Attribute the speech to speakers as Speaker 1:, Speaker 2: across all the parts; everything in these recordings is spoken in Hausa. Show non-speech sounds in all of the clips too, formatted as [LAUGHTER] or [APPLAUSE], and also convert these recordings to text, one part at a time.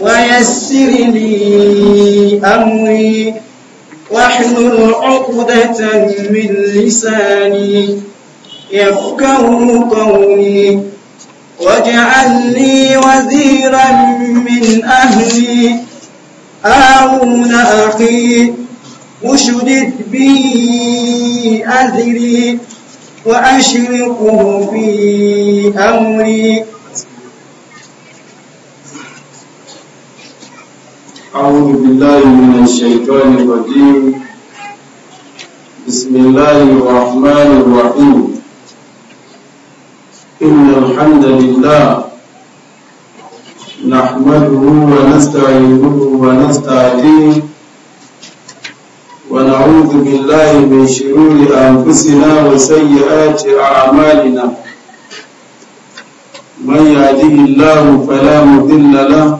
Speaker 1: ويسر لي أمري واحلل عقدة من لساني يفقه قولي واجعل لي وزيرا من أهلي هارون أخي أشدد به أذري وأشرقه في أمري
Speaker 2: أعوذ بالله
Speaker 1: من الشيطان الرجيم
Speaker 2: بسم الله الرحمن الرحيم إن الحمد لله نحمده ونستعينه ونستعينه ونعوذ بالله من شرور أنفسنا وسيئات أعمالنا من يهده الله فلا مضل له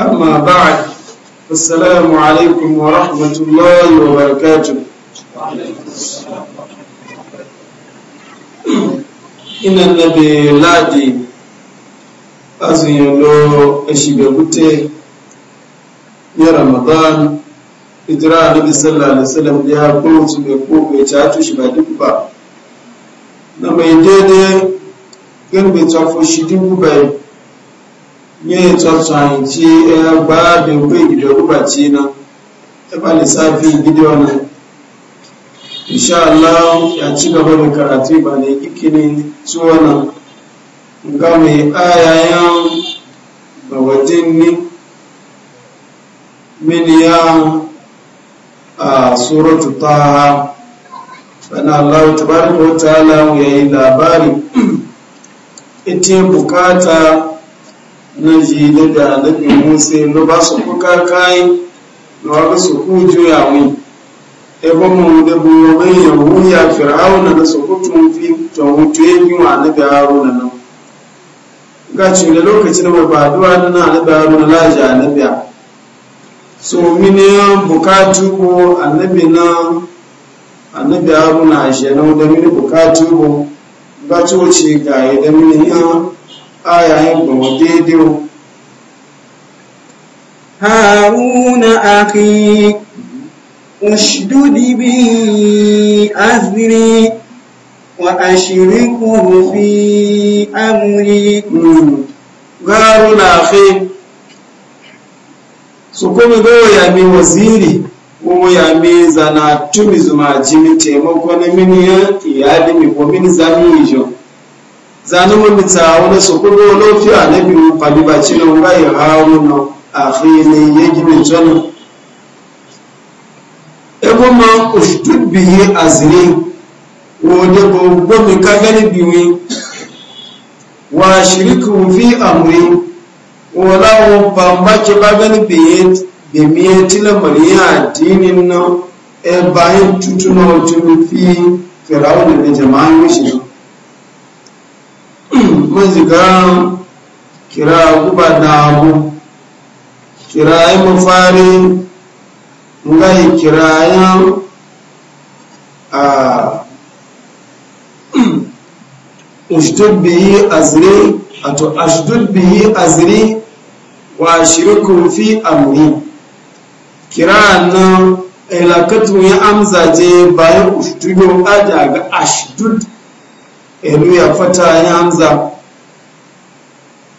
Speaker 2: أما بعد السلام عليكم ورحمة الله وبركاته ina nabe ladi azuyin lo eshibegute ya ramadan idira nabi sallallahu alaihi wasallam ya kuma su bai ko bai cato ba duk ba na mai daidai gan bai tafo shi dubu bai yin tsarsanci ya ba da kai gida rubaci na ta ba lissafi gida wani insha Allah ya ci gaba da karatu ba ne ikini su wannan ga mai ayayen bawajin ni miliyan a suratu ta sana Allah labari ita bukata na ji da annabi musa no ba su kuka kai no ba su ku juya mu e ba mu da bu mai ya wuya fir'auna na su ku tun fi to hutu yi wa na annabi haruna nan ga ci da lokaci da ba duwa na annabi haruna la ja biya so mini bukatu ko annabi na annabi haruna ashe na da mini bukatu ko ba ci wuce ga da
Speaker 1: mini yan ayayin gbawa haruna akhi اشدد به أذري وأشركه في أمري قالوا أخي
Speaker 2: sukumi go ya mi waziri ko ya mi zana tumi zuma jimi taimako na mini ya iyali mi ko zanu mun ta wani su kudo lafiya na biyu faliba cinan rai haruna a fili ya gibin jana ebe ma ushdud bihi azri wode ko gomi ka gani biwi wa shiriku fi amri wala wo bamba ke ba gani biye be miye tila mariya dinin na e bayan tutuna wajen fi firawun da jama'a mishi maziga kira guba damu kirayen mafari ngai kirayen a ashdud [CLEARS THROAT] azri ato ashdud azri wa shirkun fi amri kira nan ilakatu ya amza je bayan ushtudo aja ga ashdud elu ya fata ya amza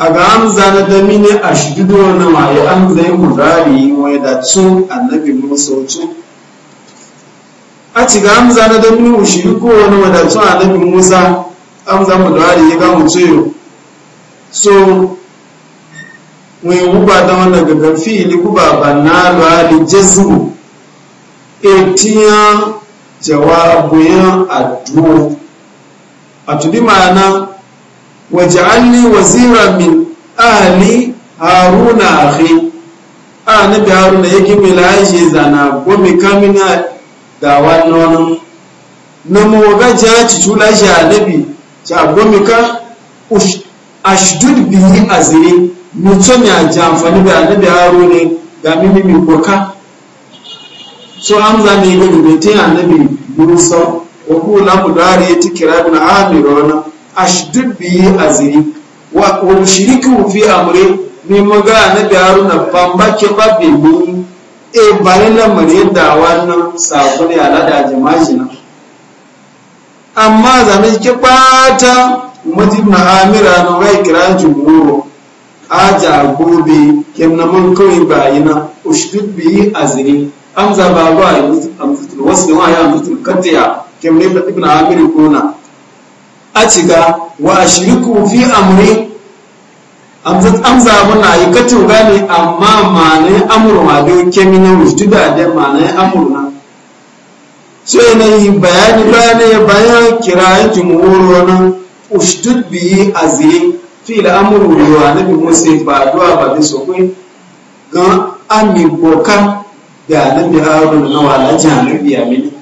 Speaker 2: a ga hamza na da mini a shigido na maye an zai murari wai da tun annabi musa tun a ci ga hamza na da mini ushiru shigido wani wadatun annabi musa hamza murari ya ga mutuyo so wai guba da wannan gafi fili kuba ba na lwari jesu etiyan jawabuyan adu. a tudi ma'ana waj'alni wazira min ahli haruna akhi annabi haruna yake mai laishi zana mai kamina da wannan na mawaga jaci tula shi annabi shi a gome ka ashdud bihi azri mutum ya ji amfani da annabi haruna ga mini mai boka so hamza ne ga dubetin annabi musa wa kula mudari ya tikira bin amir wannan ashdud bihi azri wa ushriku fi amri ni maga na daru na bamba ke babbe mi e bari na mare da wannan sako ne alada jama'i na amma zane ke bata majib na amira na wai kiran jumhuru aja gobe kem na mun kawai bayina ushdud bihi azri amza baba amzatul wasna ya amzatul qatiya kem ne ibn amir kuna a ciga wa a shiriku fi amuri amza muna yi katin gane amma manayin amuru ma da kemi na wujudu da da manayin amuru na so yana yi bayani bayan bayan kirayen jumhur wani ushdud biyi azir fi da amuru yiwa na bi musa ba duwa ba bi ga gan boka da na bi harun na walajen na biya mini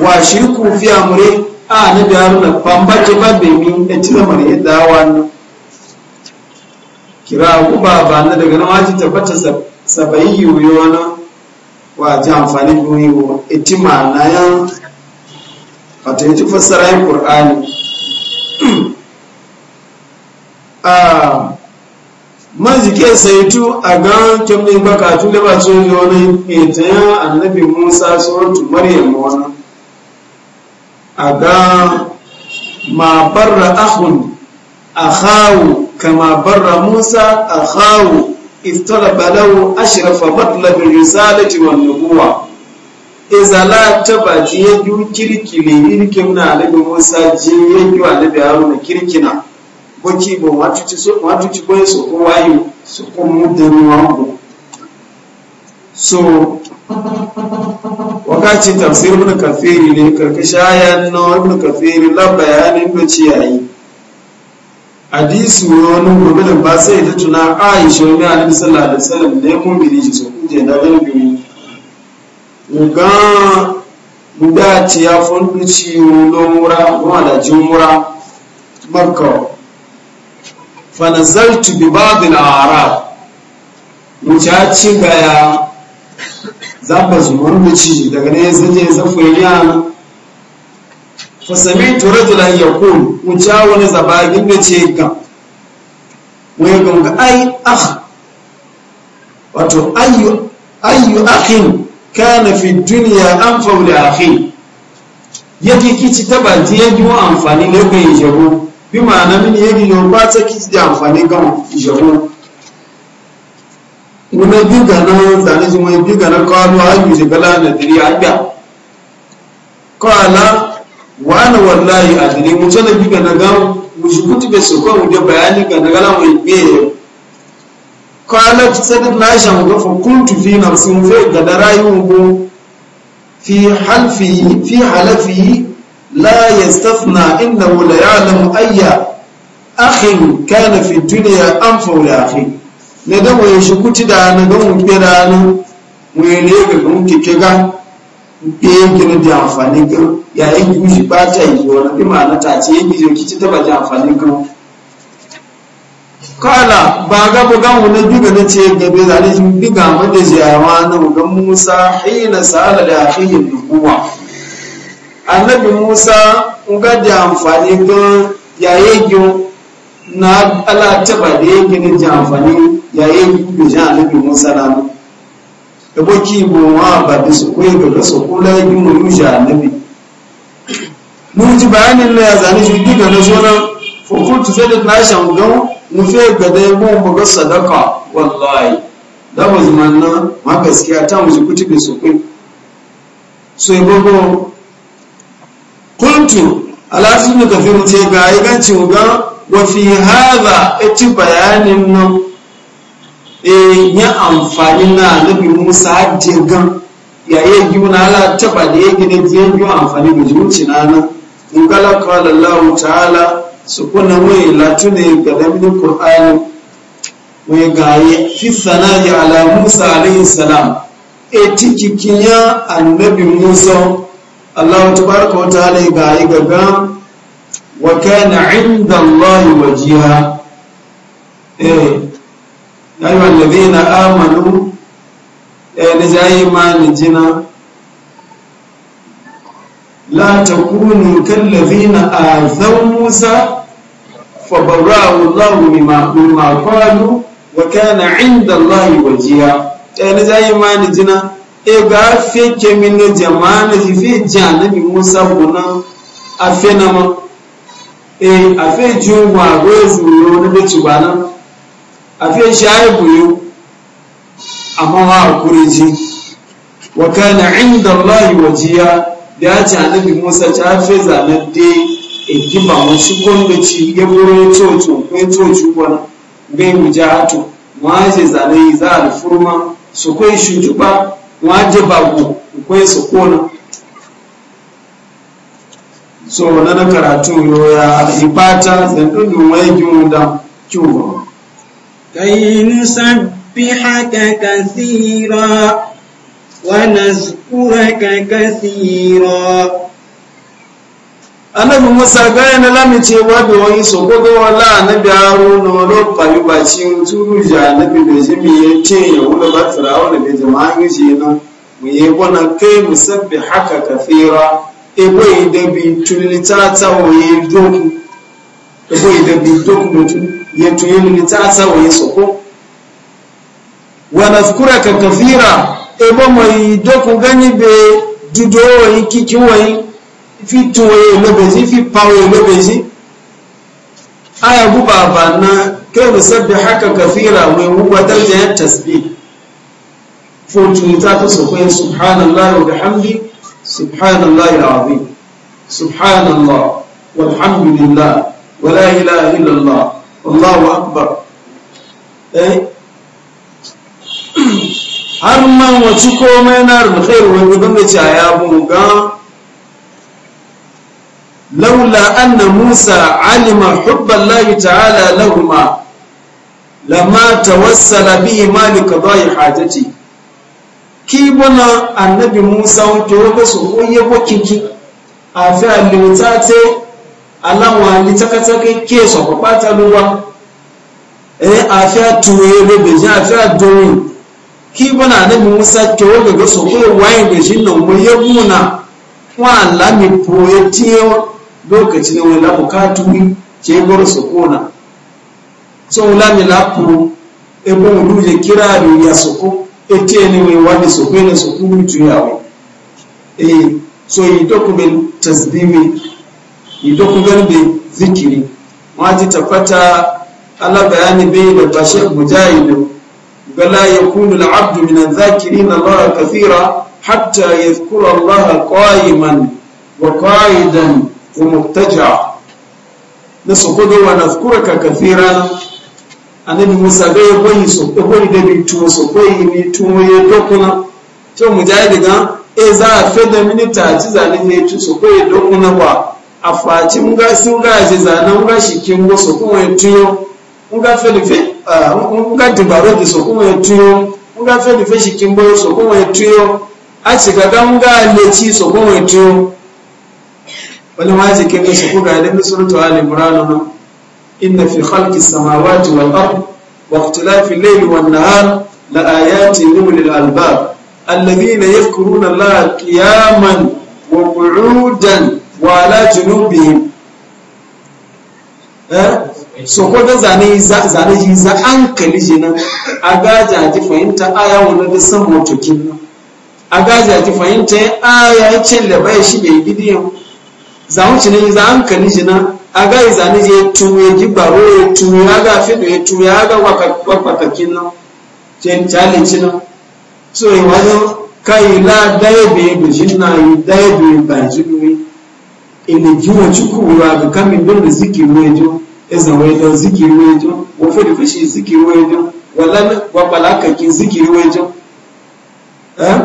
Speaker 2: wa shiriku fi amuri a ah, na biyaru na bambaje babbe mi da cire mare dawa wannan kira kuma ba na daga nan waji tabbata sabayi yiwuyo na wa ji amfani da ci ma na yan wato yaji fassara yin qur'ani a [CLEARS THROAT] ah, man saitu a ga kyamin baka da ba su yoyo na ita yan annabi musa suratu maryam wannan aga ma barra ahun akhawu kama barra musa akhawu istalaba lahu ashrafa matlab risalati wan nubuwa Izala la taba jiyayyu ju kirkile yirkin na alabi musa jiyayyu ju haruna kirkina boki bo watuci so watuci boye so ko mudan wangu so wakati tafsir ibn kafiri ne karkashin ayan na ibn kafiri la bayanin da ci yayi hadisi wani gobe ba sai ta tuna aisha ne annabi sallallahu alaihi wasallam ne kun bi shi so kuje da ganin bi ga guda ci ya fundu ci mura, kuma da mura makka fa nazaltu bi ba'd al-a'rab ga gaya zaba da ci daga ne zaje zafu yana fasami to ya kun wuce wani zabagin da ce ga wai gunga ai ah wato ayyu akin akhin kana fi duniya anfa li akhi yake kici tabanti yake wa amfani ne yi jago bi ma'ana min yake yi ba ta kici da amfani ga jago muna biga na zane shi mai biga na kwano a yi shigala na diri a ga kwala wani wallahi a diri mutu na biga na ga mushukutu bai su kwan wuce bayani ga na gala mai biye kwala ta sadar na shi mu gafa kuntu fi na sun fe ga da rayuwa ko fi halfi fi halafi la yastafna innahu la ya'lamu ayya akhin kana fi dunya am fa li akhin na ga mai shi kuti da na ga mu ke da na mu ne ga ga mu ke ke ga ke yake na da amfani ga ya yi ki shi ba ta yi zuwa na bima na ta ce yake ki ci ta ba ji amfani kala ba ga bu ga mu na diga na ce ga be zane shi diga mu da ziyawa na mu ga Musa hina sala da akhihi nubuwa annabi Musa ga da amfani ga ya yi na ala taba da yake na ji amfani yayin da jan musa na mu ebo ki bo wa ba da su koyi ga da su kula yi mu yusha annabi mun ji bayanin la ya zani shi diga na zona fukutu sai da nashan gan mu fe ga da mu mu ga sadaka wallahi da mu zaman na ma gaskiya ta mu ji kuti da su koyi so ebo go kuntu alasu ne ka ce ga yi gancin ga wa fi hadha eti bayanin nan eh ya amfani na nabi musa hajjin gan ya yi yi ala taba da ya gina biyan biyu amfani da zuci na nan in kala kawai lallahu ta'ala su kuna mai latu ne ga damin kur'ani mai gaye fi sana ya ala musa alayhi salam e tikikin ya annabi musa allahu tabaraka wa ta'ala ya gaye gaga wa kana inda allahi wajiha eh, ayu alladhina amanu eh ne jayi imani jina la takunu kalladhina azaw musa fabarra'u Allahu mimma mimma qalu wa kana 'inda Allahi wajiha eh ne jayi imani jina e ga fe kemino jama'ana fi jana bi musa kuna afenama e afe juwa gwezu yo ne bi tubana a fiye shi ya buyu amma mawa a kuriji wa kana inda Allah wajiya da ya ci annabi Musa ta fi zanen dai, in da ikiba wasu gwamnati ya buru coco ko coci wani bai mujahatu ma zanen zane za a furma su kai shujuba ma ba babu kai su kona so na karatu ya ibata zan dudu wai gyumu da kyuwa
Speaker 1: كي نسبحك كثيرا ونذكرك كثيرا annabi musa gaya na lamice wa bi
Speaker 2: wani so gogo wala annabi haro na wani fayu ba ci turu ja annabi da ji mi ya ce ya wula ba turawa da bai jama'a yi ji na mu yi gwana kai mu musabbi haka kafira da idabi tulita ta waye doku ebo idabi doku mutum yetuyin litasa wa yisoko wa nadhkuraka kathira ebo mai doku ganyi be dudo yi kiki wai fi tuwe lobezi fi pawe lobezi aya guba ba na kai nusabbihaka kathira wa yuwadatta ya tasbih fotunta ta sokwai subhanallah wa bihamdi subhanallah alazim subhanallah walhamdulillah wala ilaha illallah Eh? har man wace komai na alkhairu wani banga ce a yabu ga laula anna musa alima hubban lahi ta'ala lahuma lama tawassala bai hajati ki bona annabi musa wato wata su koyi wakinki a fi aláwọn alítákátákẹ́ kí èsàn ne tàbíwá ẹ̀yẹ́ àfíà tuwe bèbèjì àfíà dorin kí bọ́nà àdẹ́mù musa kẹwọ́ gẹ̀gẹ́ sọ̀kọ́ ìwáyé gẹ̀ẹ́sì náà wọ́n yẹ múnà wọn àlámì pòye tí lókàtí ne wọ́n lábùká tuwi kí é gbọ́rọ̀ sọ̀kọ́ náà wọn lámì lápò ẹgbọ́n olú yẹ kíra rẹ̀ yà sọ̀kọ́ etí ẹni wọ́n wádìí sọ̀kọ́ ẹni sọ̀kọ́ wíjù yàwó èyí idoku galbe zikiri Ma ji tafata, ala bayani bai da tashi mujahidu gala ya al-abdu min adh-dhakirin Allah kafira, hatta yadhkura Allah qa'iman wa qa'idan wa mubtaja'a nasukudu wa kafira kathiran annabi Musa bai koyi so koyi da bitu so koyi ni tumo ya dokuna to mujahidu ga e za a da minita ci zanin ne ci so koyi dokuna ba a faci nga si nga ji zana nga shiki so kuma tuyo nga felife nga dibaro di so kuma tuyo nga felife shiki mbo so kuma tuyo a ci ganga nga leci so kuma tuyo wani ma ji kenge su kuma da suratu ali na? inna fi khalqi samawati wal ard wa ikhtilafi al-layli wan nahar la ayatin lil albab alladhina yadhkuruna allaha qiyaman wa qu'udan wala junubihim eh so ko da zane zane ji za an kali jinan a gaja ji fahimta aya wannan da san motokin nan a gaja ji fahimta aya ya ce da bai shi bai gidiyan za mu ci ne za an kali jinan a ga zane je tuwe ji baro ya tuwe ya ga fido ya tuwe ya ga wakakakin nan ce challenge nan so yi wajen kai la daya bai bujin na yi daya bai bajin yi. ene jiwa chukura kukami ndono zikiri wejo eza wejo zikiri wejo wofere fishi zikiri wejo wala wabalaka ki zikiri wejo eh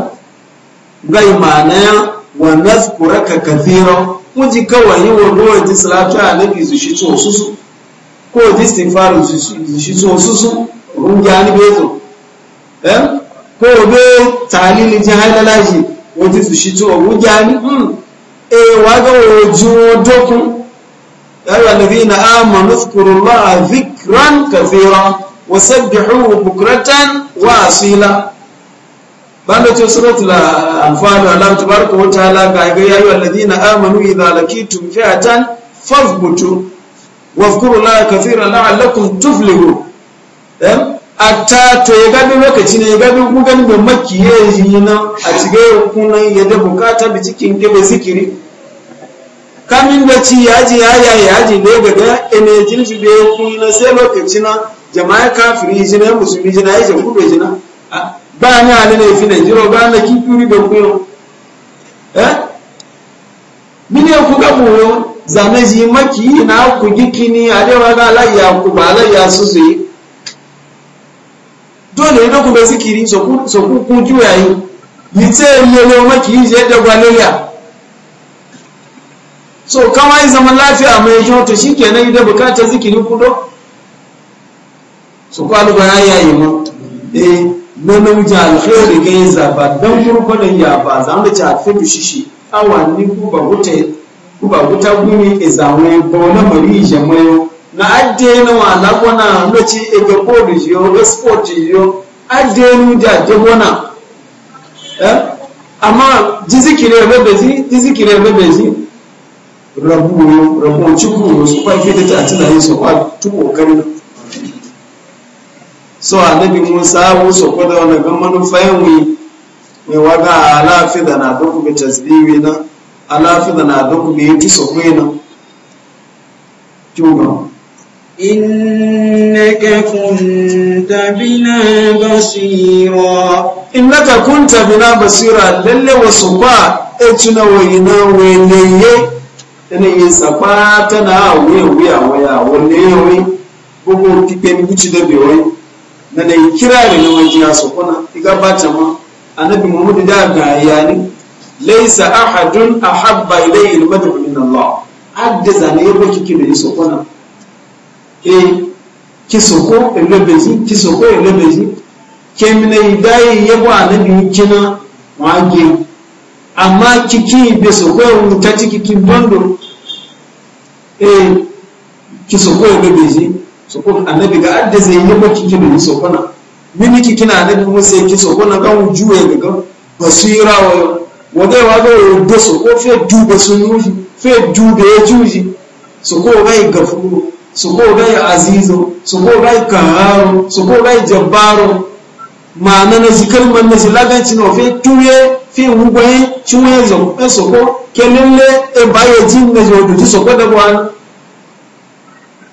Speaker 2: ngai maana ya wa nazkuraka kathira muji kawai wa ruwa ji salatu alabi su shi to susu ko ji istighfaru su shi to susu runga ni bezo eh ko be talili jahalaji wajin su shi to runga ni hmm eh waga wajo dokun yalla ladina amanu zkurullaha dhikran kathira wasabbihuhu bukratan wa asila banda ce suratul anfal Allah tabaraka wa ta'ala ga ga yayi alladhina amanu idha laqitum fi'atan fazbutu wazkurullaha kathiran la'allakum tuflihun eh? ata to ya gabi lokaci ne ya gabi gugan da ya yi nan a cikin hukunan ya da bukata da cikin gaba zikiri kamin da ci yaji yaya yaji ne ga ene jinsu da ya kuna sai lokaci na jama'a kafiri jina musulmi jina ya jamu da jina ba ni nan ya fi najiro ba na kifiri da kuyo eh mine ku ga mu zanaji maki na ku gikini a dewa wani alayya ku ba alayya su su yi yi doku ga zikiri so ku juya yi yi so kama yi zaman lafiya mai kyau to shi kenan idan bukatar zikiri kudo so kwalu ba ya yi mu eh na namijin alkhairi ga zaba don gurgunan ya ba za mu ci kuba na adde na wala lokaci ebe ajenu ja jebona eh amma jizikire bebezi jizikire bebezi rabu rabu cikin su kwafi da ta tunanin su kwa tuwo ganin so annabi musa wuso ko da wani gan manufayin wi ne waga alafi da na doku bi tasbiwi na alafi da na doku bi yaki so yi na kyuma
Speaker 1: innaka kunta bina basira innaka kunta bina basira lalle wasu ba e tuna
Speaker 2: wayina weleye ene yin sapa tana wuya wuya wuya wanne yawi gbogbo kike ni buci da bewoyi na da kira da na waje ya sokona iga bata ma annabi muhammad da ga yani laysa ahadun ahabba ilayhi al-madhu min allah hadda zane yabo kike da sokona E, kisoko elebeji kisoko elebeji kemine idai yebo anabi kina wage amma kiki besoko soko mutati e, e, kiki dondo e kisoko elebeji soko anabi ga adda zai yabo kiki ne soko na mini kiki na anabi sai kisoko na kan juwe ga basira wa wadai wa ga do soko fe dube sun fe dube ya juji soko gai gafuru soko gai azizo soko gai kaharo soko gai jabbaro ma'ana na shi kalmar na shi laganci na fi tuye fi ngwaye cinwe zokwe soko kelele e baye jin na jodo ji soko da bwana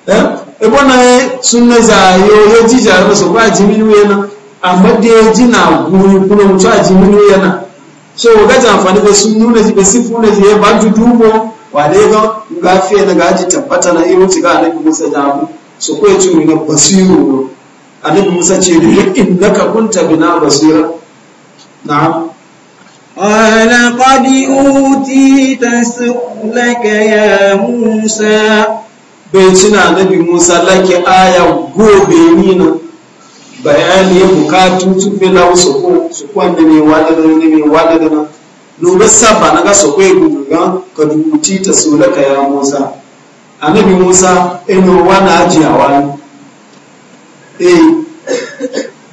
Speaker 2: eh e bona e sunna za yo yo ji ja na soko a jimini yana amma da ya ji na guri kuma mutu a jimini yana so ga ta amfani da sun nuna ji ba sifu na ji ba ju dubo wa dai ba ga fiye na gaji tabbata na iya wuce ga annabi musa da abu su kuwa ci wani basiru ba. annabi musa ce da yi inda ka kunta
Speaker 1: bina basira na ala qadi uti tasulaka ya musa bai ci na
Speaker 2: annabi musa lake aya gobe ni na bayani bukatu tun bila su ko su kwanne ne mai ne wadada na nube saba na gaso kwe gugugan ka dubuci ta sulaka ya musa anabi musa ino wani ajiyawa ne e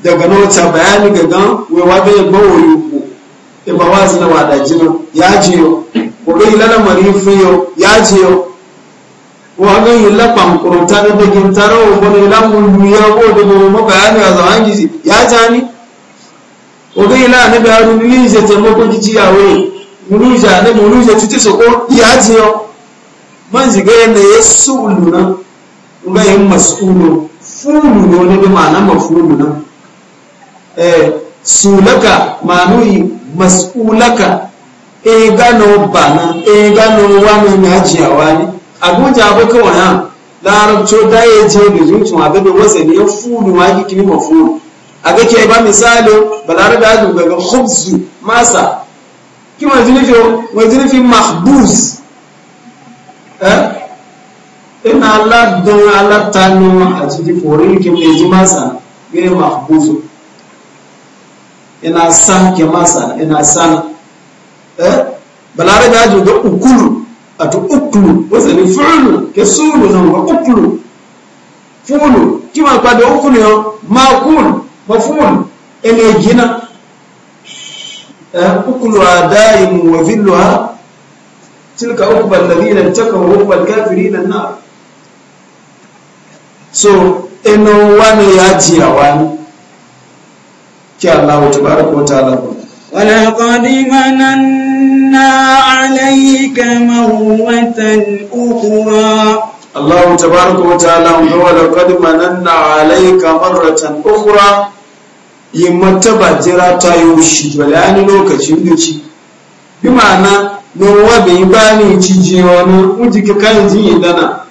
Speaker 2: daga na wata bayani gagan wewa bai bawo yuku e ba wa zina wa da jino ya jiyo wani ilana marifiyo ya jiyo waga yilla pamkurota na begintaro yi ilamun yuya ko da mabaya ne a zaman gizi ya jani oge e, yi naa níbi arú ní ìṣe tẹmọkọ jíjí àwọ yìí múlù ìṣe àní múlù ìṣe títí sọkọ ìyá ti yọ mọ́nsì gẹ́gẹ́ ní yẹ náà nga yẹ mọ̀sùlù fúlù ní wọn níbi màánà mọ̀ fúlù náà ẹ sùúlẹ́kà màánù yìí mọ̀sùlẹ́kà ẹ̀ẹ́gá ní wọn bà náà ẹ̀ẹ́gá ní wọn wà ní àjì àwa ni àgúnjà abẹ́kẹ́ náà láàrú tó dáyé jẹ́ àbẹ́bẹ́ wọ́sẹ̀ ní a ke ba misali balarabe ya duga ga khubzu masa ki wanzu nufi wanzu nufi mahbus eh ina Allah don Allah tanu a cikin forin ki mai ji masa ne mahbusu ina san ke masa ina san eh balarabe ya duga ukulu ato ukulu wazani fulu ke sulu nan ga ukulu fulu kima kwa da ukulu yo makulu مفهوم ان gina ukuluha دائم وذلها تلك tilka الذين اتقوا takaw الكافرين النار na so eno wani ya a wani ki Allah tabaraka wa ta'ala
Speaker 1: ولقد مننا عليك مرة أخرى الله تبارك وتعالى ولقد
Speaker 2: مننا عليك مرة
Speaker 1: أخرى yi
Speaker 2: mataba jira ta yi wushi bayani lokaci wuce bi ma'ana nowa bai ba ni cije wani wuce ka kan jin yi dana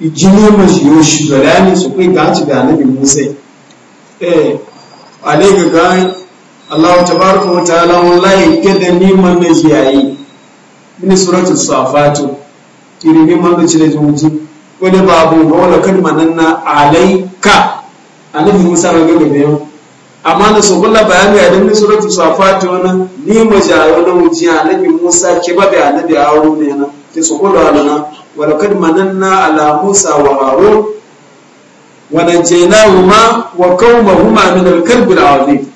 Speaker 2: ijini mashi yoshi bayani su kai ga ci ga nabi musa eh ale ga Allah tabaraka wa ta'ala wallahi kada ni man na jiyayi min suratul safatu kirimi man da cire jumuji wani babu wala kalmanan na alayka annabi musa ga gaba yau amma da su kula bayani a dangin suratu safati wani ni mu jayo na wuji annabi musa ke ba da annabi haro ne na ke su kula wani wa laqad mananna ala musa wa harun wa najaynahuma wa qaumahuma min al-karb al-azim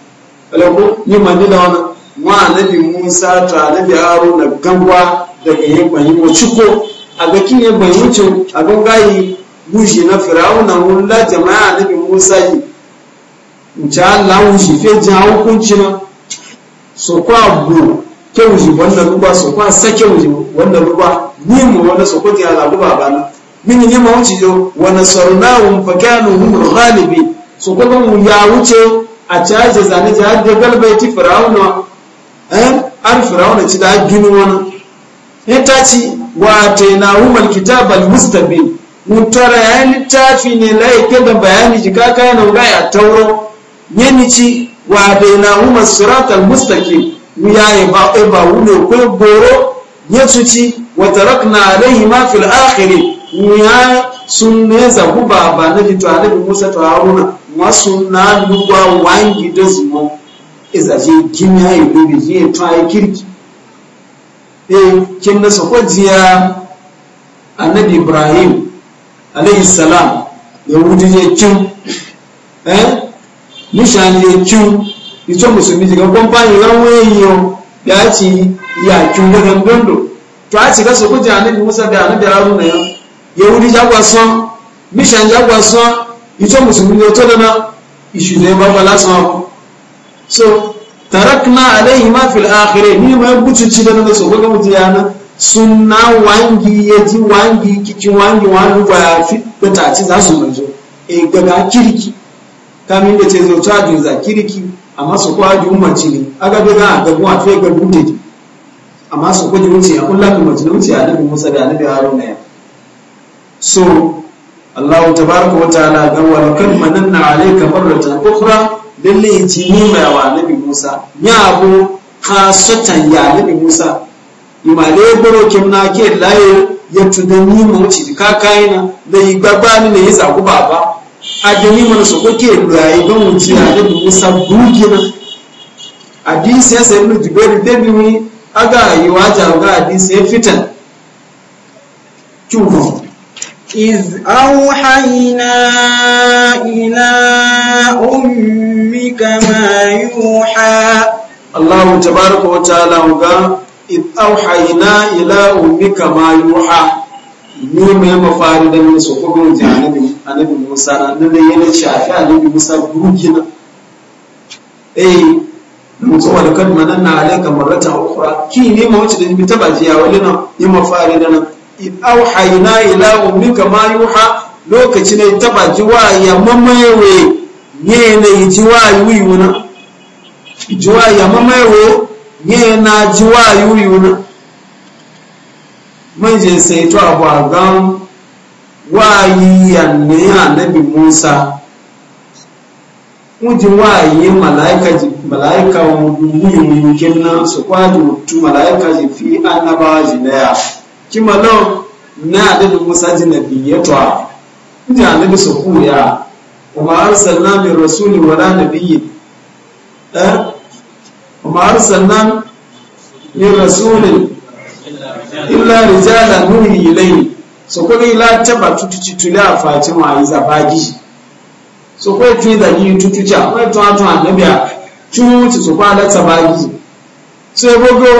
Speaker 2: alako ni mandi da wannan wa annabi musa ta annabi Aro na gangwa daga yamma yi wa ciko a ga kin yamma yi a ga gayi gushi na fir'auna Wula jama'a annabi musa yi nci Allah wuce fe ji hawa hukunci na so kwa bu ke wuce wannan ruba so kwa sake wuce wannan ruba ni mu wani so kwa ta labuba ba na min ne ma wuce yo wa nasarnahum fa kanu hum ghalibi so kwa mu ya wuce a caje zane ta hadda galbai ti fir'auna eh an fir'auna ci da gini wani ya ta ci wa taina humal kitab al mustabil mutara ya littafi ne la yake da bayani jika kayan ga ya tauro yemici wa bainahuma siratal mustaqim wiyaye ba e ba wulo ko goro yesuci wa tarakna ma fil akhirin wiya sunne za ku baba na ji to annabi Musa to Haruna Mu sunna lugwa wangi da zumo iza e je kimya yi bibi je try kirki eh kin na sako jiya annabi Ibrahim alayhi salam ya wuce kin eh níṣàní ètú ìtọ́ mùsùlùmí ti kan pọ́npá ìránwọ́ èèyàn bí a ti ya kí n gbọ́dọ̀ gbọ́dọ̀ tó a ti kásọ̀ kó jẹ́ àníbi musa bí àníbi aráàlú na yẹn yẹ̀wò ní jágbá sán níṣàní jágbá sán ìtọ́ mùsùlùmí ni ọtọ́ dáná ìṣùnà ẹ̀ bá wà lásán ọkọ̀ so tarakna alayhi ma fil akhire ni ma butu ci dana da nan so ko ga mutu yana sunna wangi yaji wangi kici wangi wani ba fi ta ci za su manzo e ga kirki kamin da ce zauta a jin kiriki amma masu kwa ji umarci ne aga bai gan a gabu a fiye gabu ne amma masu kwa ji wuce ya kulla kuma ji wuce a nabi musa da nabi na ya so allah ta baraka wa ta'ala ga wa kan mananna alayka marratan ukhra don yi ci ni ma wa nabi musa ya abu satan ya nabi musa imale kim na ke laye ya tudani mu ci kakayina da yi gabani ne ya zaku baba ajali mana su kuke rayu ga mutu na san buge na hadisi ya sai mun jibe da biyu aga yi ta ga
Speaker 1: hadisi ya fita kyuhu ila أوحينا إلى أمك ما يوحى الله تبارك وتعالى إذ أوحينا
Speaker 2: ila ummika ma yuha ni mai mafari da min so ko bin janabi annabi Musa na da yana shafi annabi Musa burkina eh mutum wani kan mana na alaika marata ukhra ki ne ma wace da bi taba jiya wani na yi mafari da nan in auhayna ila ummika ma yuha lokaci ne ta baji wa ya mamayewe ne ne ji wa yuyuna ji wa ya mamayewe ne na ji wa yuyuna manje sai to abu agan wayi yanne annabi Musa mujin wayi malaika ji malaika muyi muyukin na su kwaji mutu malaika ji fi annaba ji ya ki malo na annabi Musa ji to ji annabi su ku ya kuma arsalna bi rasuli wala nabiyyin eh kuma arsalna min rasulin illa rijala nuhi ilayhi so ko ni la taba tutuci tuli a fati ma yi zabagi so ko fi da yi tutuci a ko tun to annabi a tutuci so ko ala zabagi so ya bogo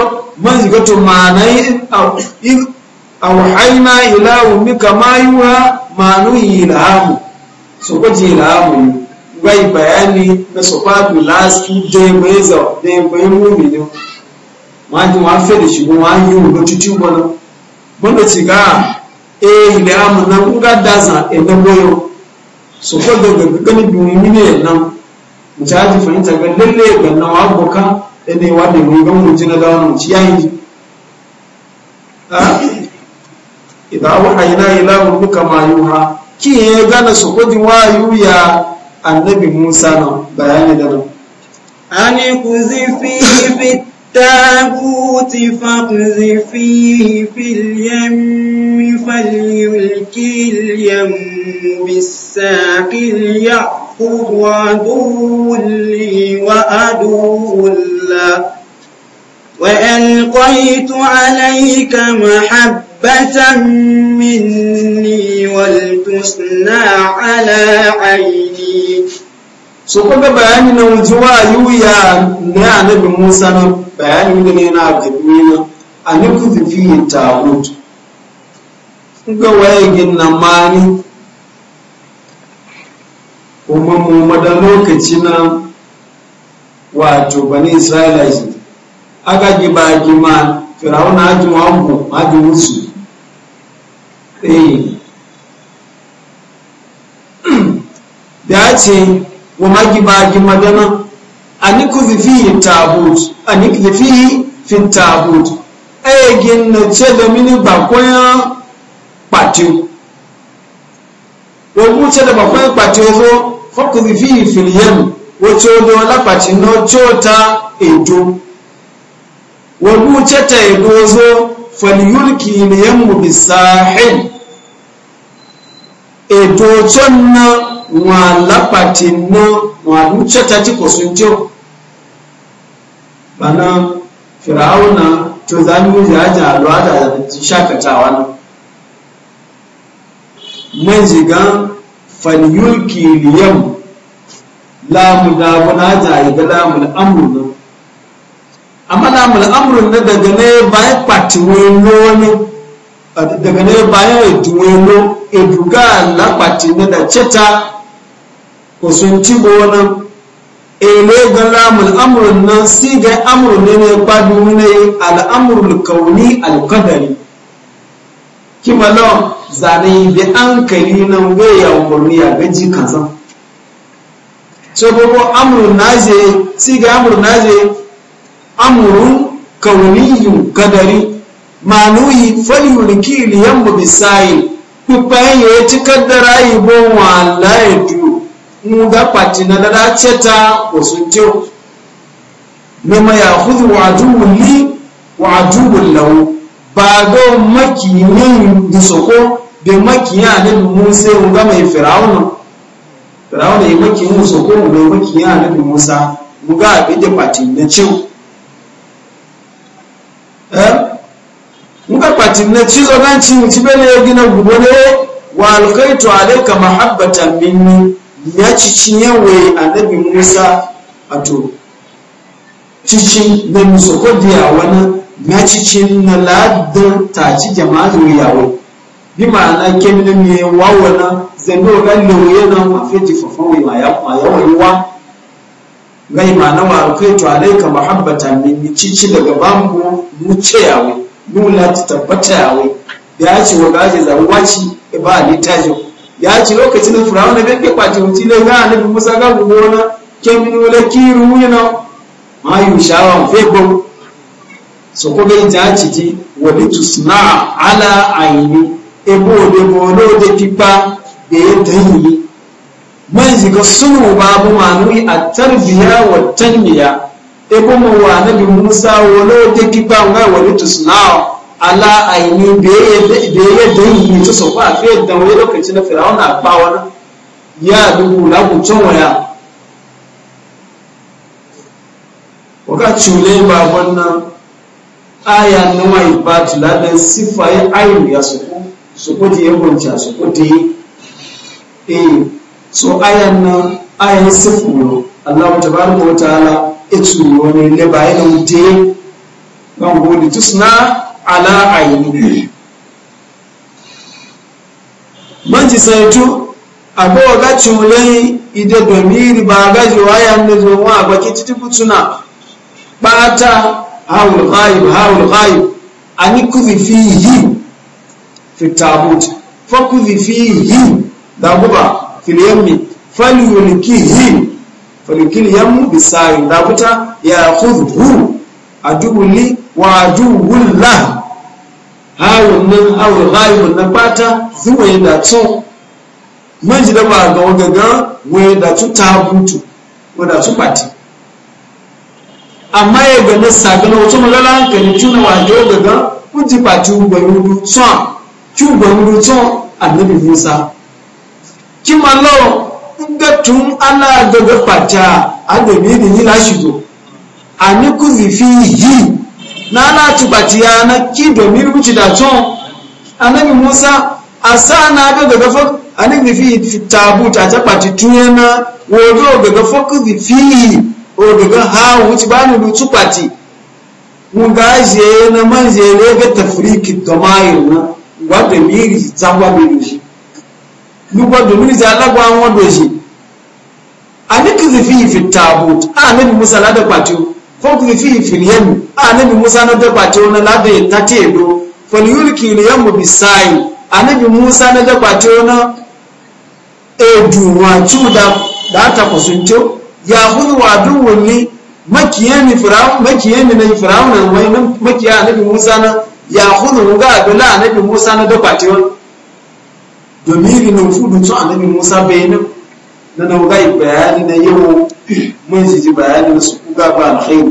Speaker 2: man ziga to ma yi na manai awhayna ila ummika ma yuha ma nuhi ilhamu so ko ji ilhamu gai bayani na so fa last day bai zo dai bai mu ne wọ́n ti wọ́n fẹ́ lè ṣùgbọ́n wọ́n á yí òun lójú tí ó bọ́ lọ bọ́dọ̀ ti gá daza ilẹ̀ amọ̀ náà ń gá dazà ẹ̀dá bọ́yọ̀ sọ̀kọ́ dọ̀gbẹ̀ gbẹ́gbẹ́ níbi òun nílé ẹ̀ náà mace haji fahimta ga lalle e ga nawa boka da ne wa da mun gan mutu na da wannan ci yayi idan wa hayna ila rubuka ma yuha ki ya e gana su kudi wayu ya annabi Musa na bayani da nan
Speaker 1: ani kuzi fi fi. التابوت فاقذفيه في اليم فليلقي اليم بالساق ليأخذ عدو لي وعدو له وألقيت عليك محبة مني ولتصنع على عيني so kuma bayani na wuji wayu
Speaker 2: ya na annabi musa na bayani da ne na gabi na annabi fifi tawut ga waye ginna mani kuma mu mada lokaci na wato bani isra'ila shi aka gi ba gi ma firawuna ajin wangu ajin musu eh [CLEARS THROAT] da ce wa magibagi magana an fihi tabut an fihi fi tabut egin na ce da mini bakwai patu ogun ce da bakwai patu zo fọkùnrin fi ìfìlìyẹnu wọ́n tí ó ní ọlápàtí náà tí ó ta èdò wọ́n mú tẹ́tẹ̀ èdò ọzọ́ fọlìyúlìkì wọn alápàtì ná wọn àlùchọ́ta tí kò sún jọ bana fir'auna to za mu yi da shakatawa nan mun zigan falyulki liyam lamu da muna jaye da lamul amru amma lamul amru daga da kusunci gonan ele ga lamun amurin nan si ga amurin ne ne domin ne al'amurin kauni alkadari kima lawan zane bi an kari nan yawon umarni a gaji kansan so gbogbo amurin naje si ga amurin na naje amurin yi kadari manuyi faliyulki liyan mu bisayi yi ya ci kaddara yi bon wa Allah ya juyo Muga pati na dada cheta osutyo mima ya khudhu wa adubu li wa adubu lahu bago maki yin disoko be maki ya ne musa nga mai fir'auna fir'auna yi maki yin soko be maki ya ne musa muga eh? be de pati na chew muga pati na chizo nanchi mu yegina gina gubone wa alqaitu alayka mahabbatan minni ya ci cinyewe annabi musa to cikin na misoko biya wani ya ci cin na ta ci jama'a yawo bi ma'ana mai ne wawana zendo ga lewe na mafeji fafawai ma yawon yiwa gai ma'ana wa alai alaika mahabbata ni cici daga bambu mu ce yawo nuna ta tabbata yawo ya ce wa gaji zaruwa ci ba a litajin ya ci lokacin da firawa na bai kwace wuci ne ga annabi musa ga gugu wani kemin wala kiru yana ma yi shawa febo so ko bai ta ci ti wa bi tusna ala aini ebo de bolo de pipa da ya tayi man ziga sunu babu manui a tarbiya wa tanmiya ebo mu wa annabi musa wala de pipa ga wa bi tusna ala aini da ya yadda yi yi ta sau a fiye da wani lokaci na firawuna ba wani ya dubu laguncin waya waka cule ba wannan aya na numa ibatu ladan sifaye ayin ya suku suku da ya gunca su da ya eh so ayan nan ayan sifu Allah mu tabaraka ala ta'ala itu wani ne bayan da ban gode tusna ala aini manci saitu abuwa ga cunai ide domiri ba ga jiwaya da zuwa ba ki titi kutuna bata hawul ghaib hawul ghaib ani fihi fi tabut fa fihi da fil yammi yammu da ya khudhu wa hawun nan awon rayuwar na bata zuwa ya dato man ji da ba ga wagaga wai dato ta mutu wa dato pati. amma ya ga na sagana wata magana hankali tuna wa ga wagaga kuti bati ugbanu tun ki ugbanu tun annabi musa ki malo ga tun ana gaga pata a da ni da ni lashigo a ni kuzi fi yi na latubati ya na ki domin wuce da tun annabi musa a sa na ga daga fa annabi fi tabu ta ta pati tuyana wodo daga fa ku fi o daga ha wuce ba ni lutu pati mun ga je na man je ne ga tafriki to mai na wa da miri zagwa mi shi lu ba da miri za lagwa an wado shi annabi fi fi tabu annabi musa la da pati fokuni fi filiyamu anabi musa na daba ta wani lada ta tedo faliyulki liyamu bisayi anabi musa na daba ta wani eduwa cuda da ta kusunto ya hudu wa duwunni makiyani makiyani na firawunan wani makiya anabi musa na ya hudu ga abila anabi musa na daba ta wani domiri na fudu anabi musa náà. na nan bayani na yau mun ji bayani na su kuga ba alkhair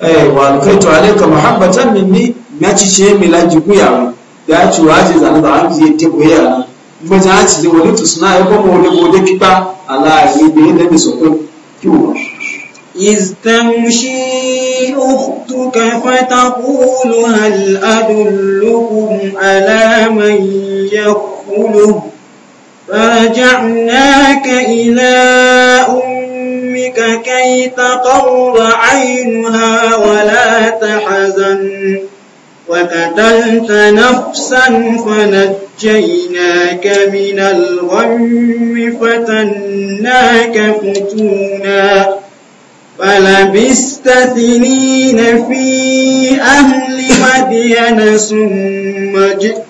Speaker 2: eh wa alkhaitu alayka mahabbatan minni na ci ce mi la jiguya mu ya ci wa ji zan da an ji te goya mu za ci ji wani to suna ya kuma wani gode kiba ala yi be da ni so ko kiwo
Speaker 1: إذ تمشي أختك فتقول هل أدلكم على من يقوله فرجعناك إلى أمك كي تقر عينها ولا تحزن وقتلت نفسا فنجيناك من الغم فتناك فتونا فلبست سنين في أهل مدين ثم جئت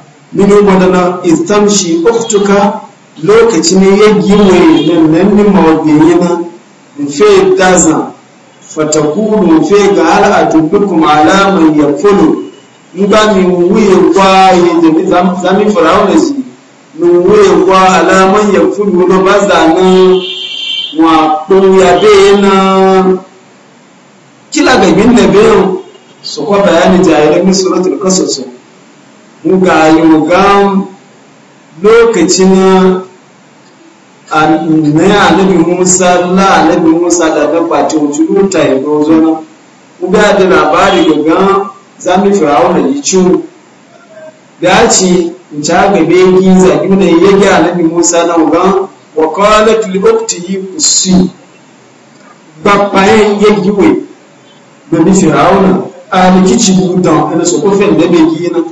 Speaker 2: mini wadana istamshi uktuka lokaci ne ya giwe nan ni mawabiyyana fe daza fatakulu ga al'adu bikum ala man yakulu in ba mi wuye kwa ya zami firawuna shi mi wuye kwa ala man yakulu na ba zanen wa ɗoya bayyana kila gabin da bayan su kwa bayani jahilar misuratul kasar su muga yoga lokacin lokaci na na musa la anabi musa da na bace wuce ruta ya ga zo na muga da labari ga ga zami firawo da yi ciwo da ci in ci haka begi zagi na yage anabi musa na muga wa kala tulibokti yi kusi gbappayen yi wai da ni firawo na a rikici budan ana kofin da begi na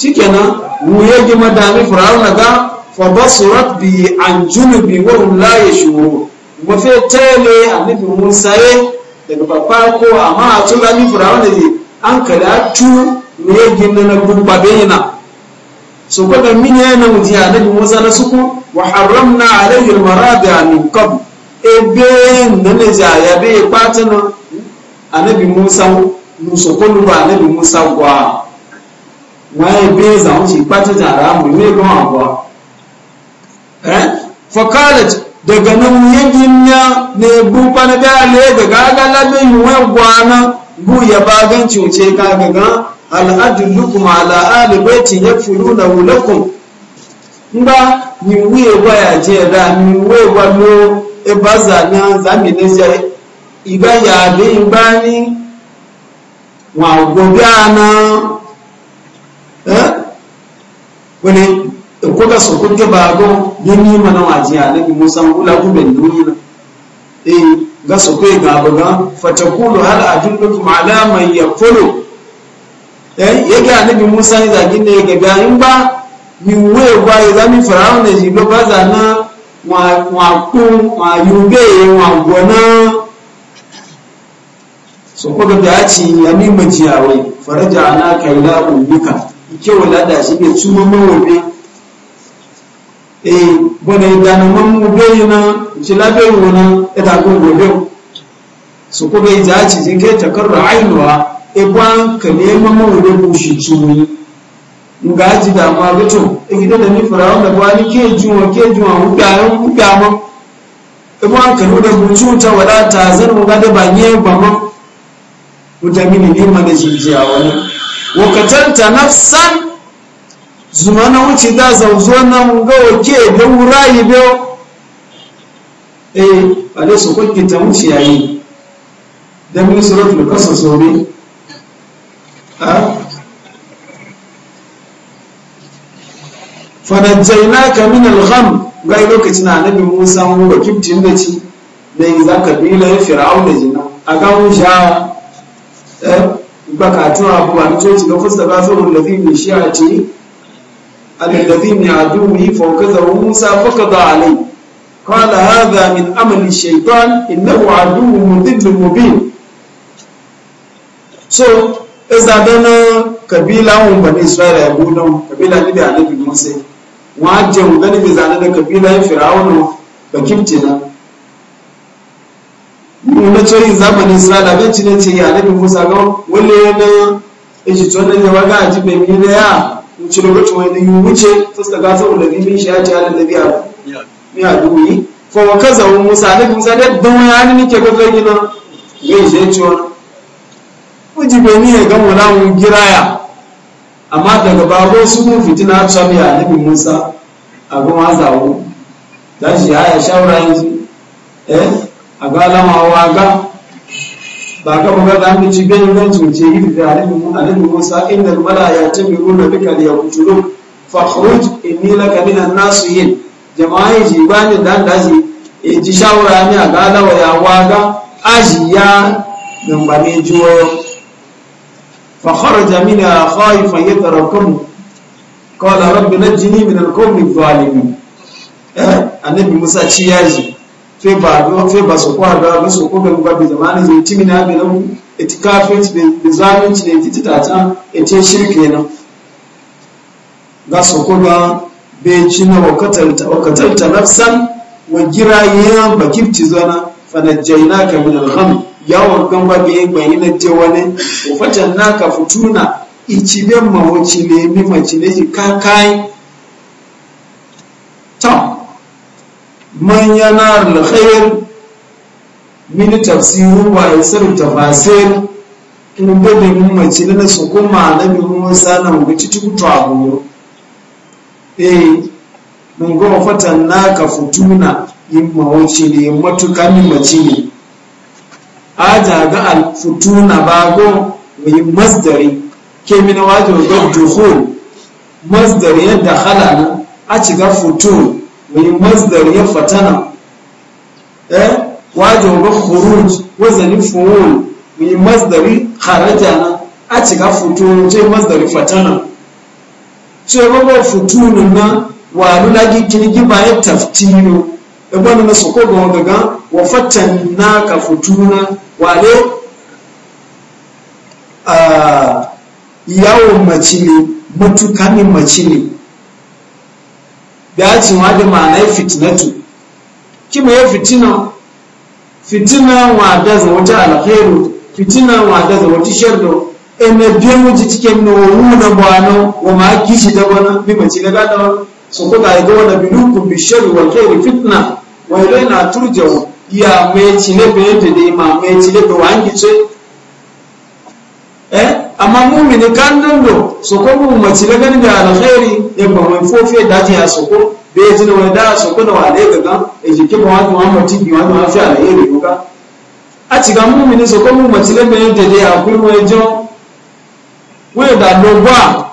Speaker 2: shikenan wuye gi madami firawuna ga fabasurat bi an junubi wa hum la yashuru mafi tele annabi musa ye daga babba ko amma a tura ni firawuna ne an kada tu wuye gi na gubba bena so da mini yana a annabi musa na suku wa haramna alayhi almarada min qabl ebe nane ja ya be patana annabi musa ko ba annabi musa gwa waye beza wuce kwata jara mu ne ga abuwa for college. daga nan yagin ya ne bu pana da le ga gaga labe yuwa gwana bu ya bagan cuce ka gaga al adlukum ala ali baiti na lakum ngba ni wiye gwa ya je da ni wiye gwa lo e baza na zami ne je iba ya be iba ni wa gobiana wani kuka so kuke bago yini mana waji annabi Musa kula ku ben duniya eh ga so kai ga baga fatakulu hal adullukum ala man yaqulu eh yake annabi Musa ne zagin ne yake ga in ba mi we gwa ya zami farawo ne jibo ba za na wa wa ku wa yube, wa gona so kuka ga ci yami majiya wai faraja ana la umbika kyau lada shi bai cuma mawabe eh bana idanu mamu bai na shi labe wona ita kun gobe su ko bai za ci jin kai takarra ainuwa e ban ka ne mawabe ko shi cumi nga ji da ma gato e gida da ni farawa da ba ni ke juwa ke juwa hudayen hudama e ban ka ne da mutunta wadata zan mu ga ba ne ba ma mutamini nima da shi a wani wakatanta nafsan zumana wuce da zauzo nan ga wake da wurayi biyo eh ale su kwanke ta wuce yayi don min lukasa kasa sobe a fanajjainaka min al gai lokacin annabi Musa mu wakilcin da ci da za ka bila e fir'auna jina a ga shawa Eh, bakatun abu a coci ga fusta ba su rullafi ne shi a ce alallafi mai aduwi faukaza musa faka za a lai kwala haza min amali shaitan innahu aduwu mudillin mubin so isa dana kabila mun bani isra'ila ya gudun kabila ni da annabi musa wajen gani bai zane da kabila ya fir'aunu ba kimce na na tsoyin zamanin isra'ila bai ci ne ce ya nabi musa ga wani yana ishi tsohon da waga a ji bai da ya wuce lokacin wani yi wuce fuska gasa wanda bi min shi ya ce halin da biya mi a duyi ko wa kaza wa musa nabi musa da don wani hannun nike ga zai gina bai shi ya ce wani wuji bai ni ya ga wani wani giraya amma daga babo su mun fitina tsami a nabi musa a goma zawo shi ya ya shawara yanzu eh agalamawa ga ba ka ba da mu ci bin ran tuce yi da alibi mu alibi musa inda malaya ta biro na bika da yakutulu fa khuruj inni laka min an-nasihin jama'a ji ba e ni dan daji e ji shawara ni agalawa ya waga ajiya nan ba ne juwo fa kharaja minha khaifan yatarakamu qala rabbi najini min al-qawmi adh-dhalimin eh, annabi musa ci yaji fe ba do fe ba so kwa da ga so ko ga ba bi zamani zai timi na bi nan itikafet bi zalunci ne titita ta ete shirke nan ga so ko ga be ci na wakatalta wakatalta nafsan wa giraya bakifti zana fanajjainaka min al-gham yawon kan ba bi ba yin na je wani wa fatannaka futuna ichibe mawo chile mi machile ka kai man yanar alkhair min tafsiru wa yasir tafasir in mun mace na su kuma annabi Musa na mu ci tuku tawo eh mun go fatanna ka futuna yin mawuci ne matukan mace ne A ja ga al futuna bago mai masdari ke min wajo ga dukhul masdari ya dakhala a ci ga futun mai masdar ya fatana eh wajen ga khuruj wazanin fuhul mai masdari kharaja na a cika fito ce fatana ce mama futunun na wani lagi kirgi ba ya taftiro ibn na su koga wa fatan ka futuna wale a yawon mace ne matukanin mace ne ya ci wa da ma'ana fitnatu ki mai fitina fitina wa da zawata alkhairu fitina wa da zawata sharru ene biyu ji cikin noru na bwano wa ma kishi da bana bi mace da so ko ga ga wala bilukum bi sharri wa khairi fitna wa ilayna turja ya mai ci ne be da ma mai ci ne be wa amma mumini kan dondo so ko da ganin da alkhairi ya ba mai da ta so ko be ya wani da so da wale ga ga e jike ba wani Muhammad wani ma fi alheri ko ga a ci ga mumini so ko mu mace da ganin da dai akuri wani jo da dogwa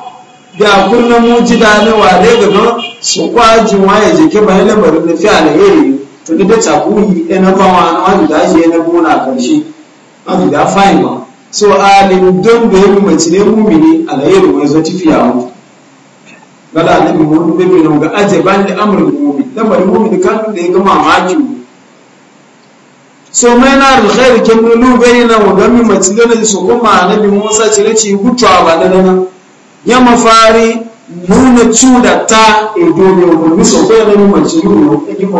Speaker 2: da mu ji da ne wale ga ga so kwaji jike ba ne bari da fi alheri to da ta kuyi ba wani wani da shi ina gona karshe wani da fa'in so a don da ya mace ne mumini alayyar wani zo tafiya mu gada annabi mu ne mai ga ajaban da amrul mumin lamar mumin kan da ya ga mamaki so mai na alkhair kin lu bai na wa gami mace da ne so kuma bi Musa ce ne ci gutwa ba da nan ya mafari nuna cuda ta edo ne ko mi so ko ne mace lu ne ki ko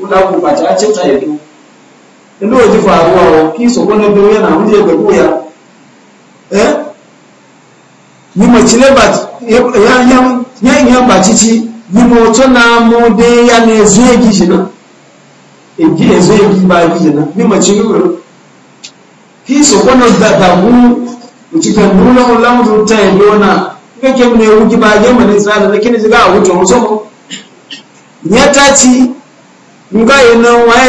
Speaker 2: kula ku ba ta ce ta edo Ilo e ji faruwa wa ki so ko ne do yana muje ga goya eh ni macile ba ya ya ba cici dị na mu de ya ne zuwa na egi ezo egi ba na ba ki so kono da da mu utika nuna na tuta yona kake mu ne wuki ba ge mu ne tsara da kini ga wuto mu so nya nga e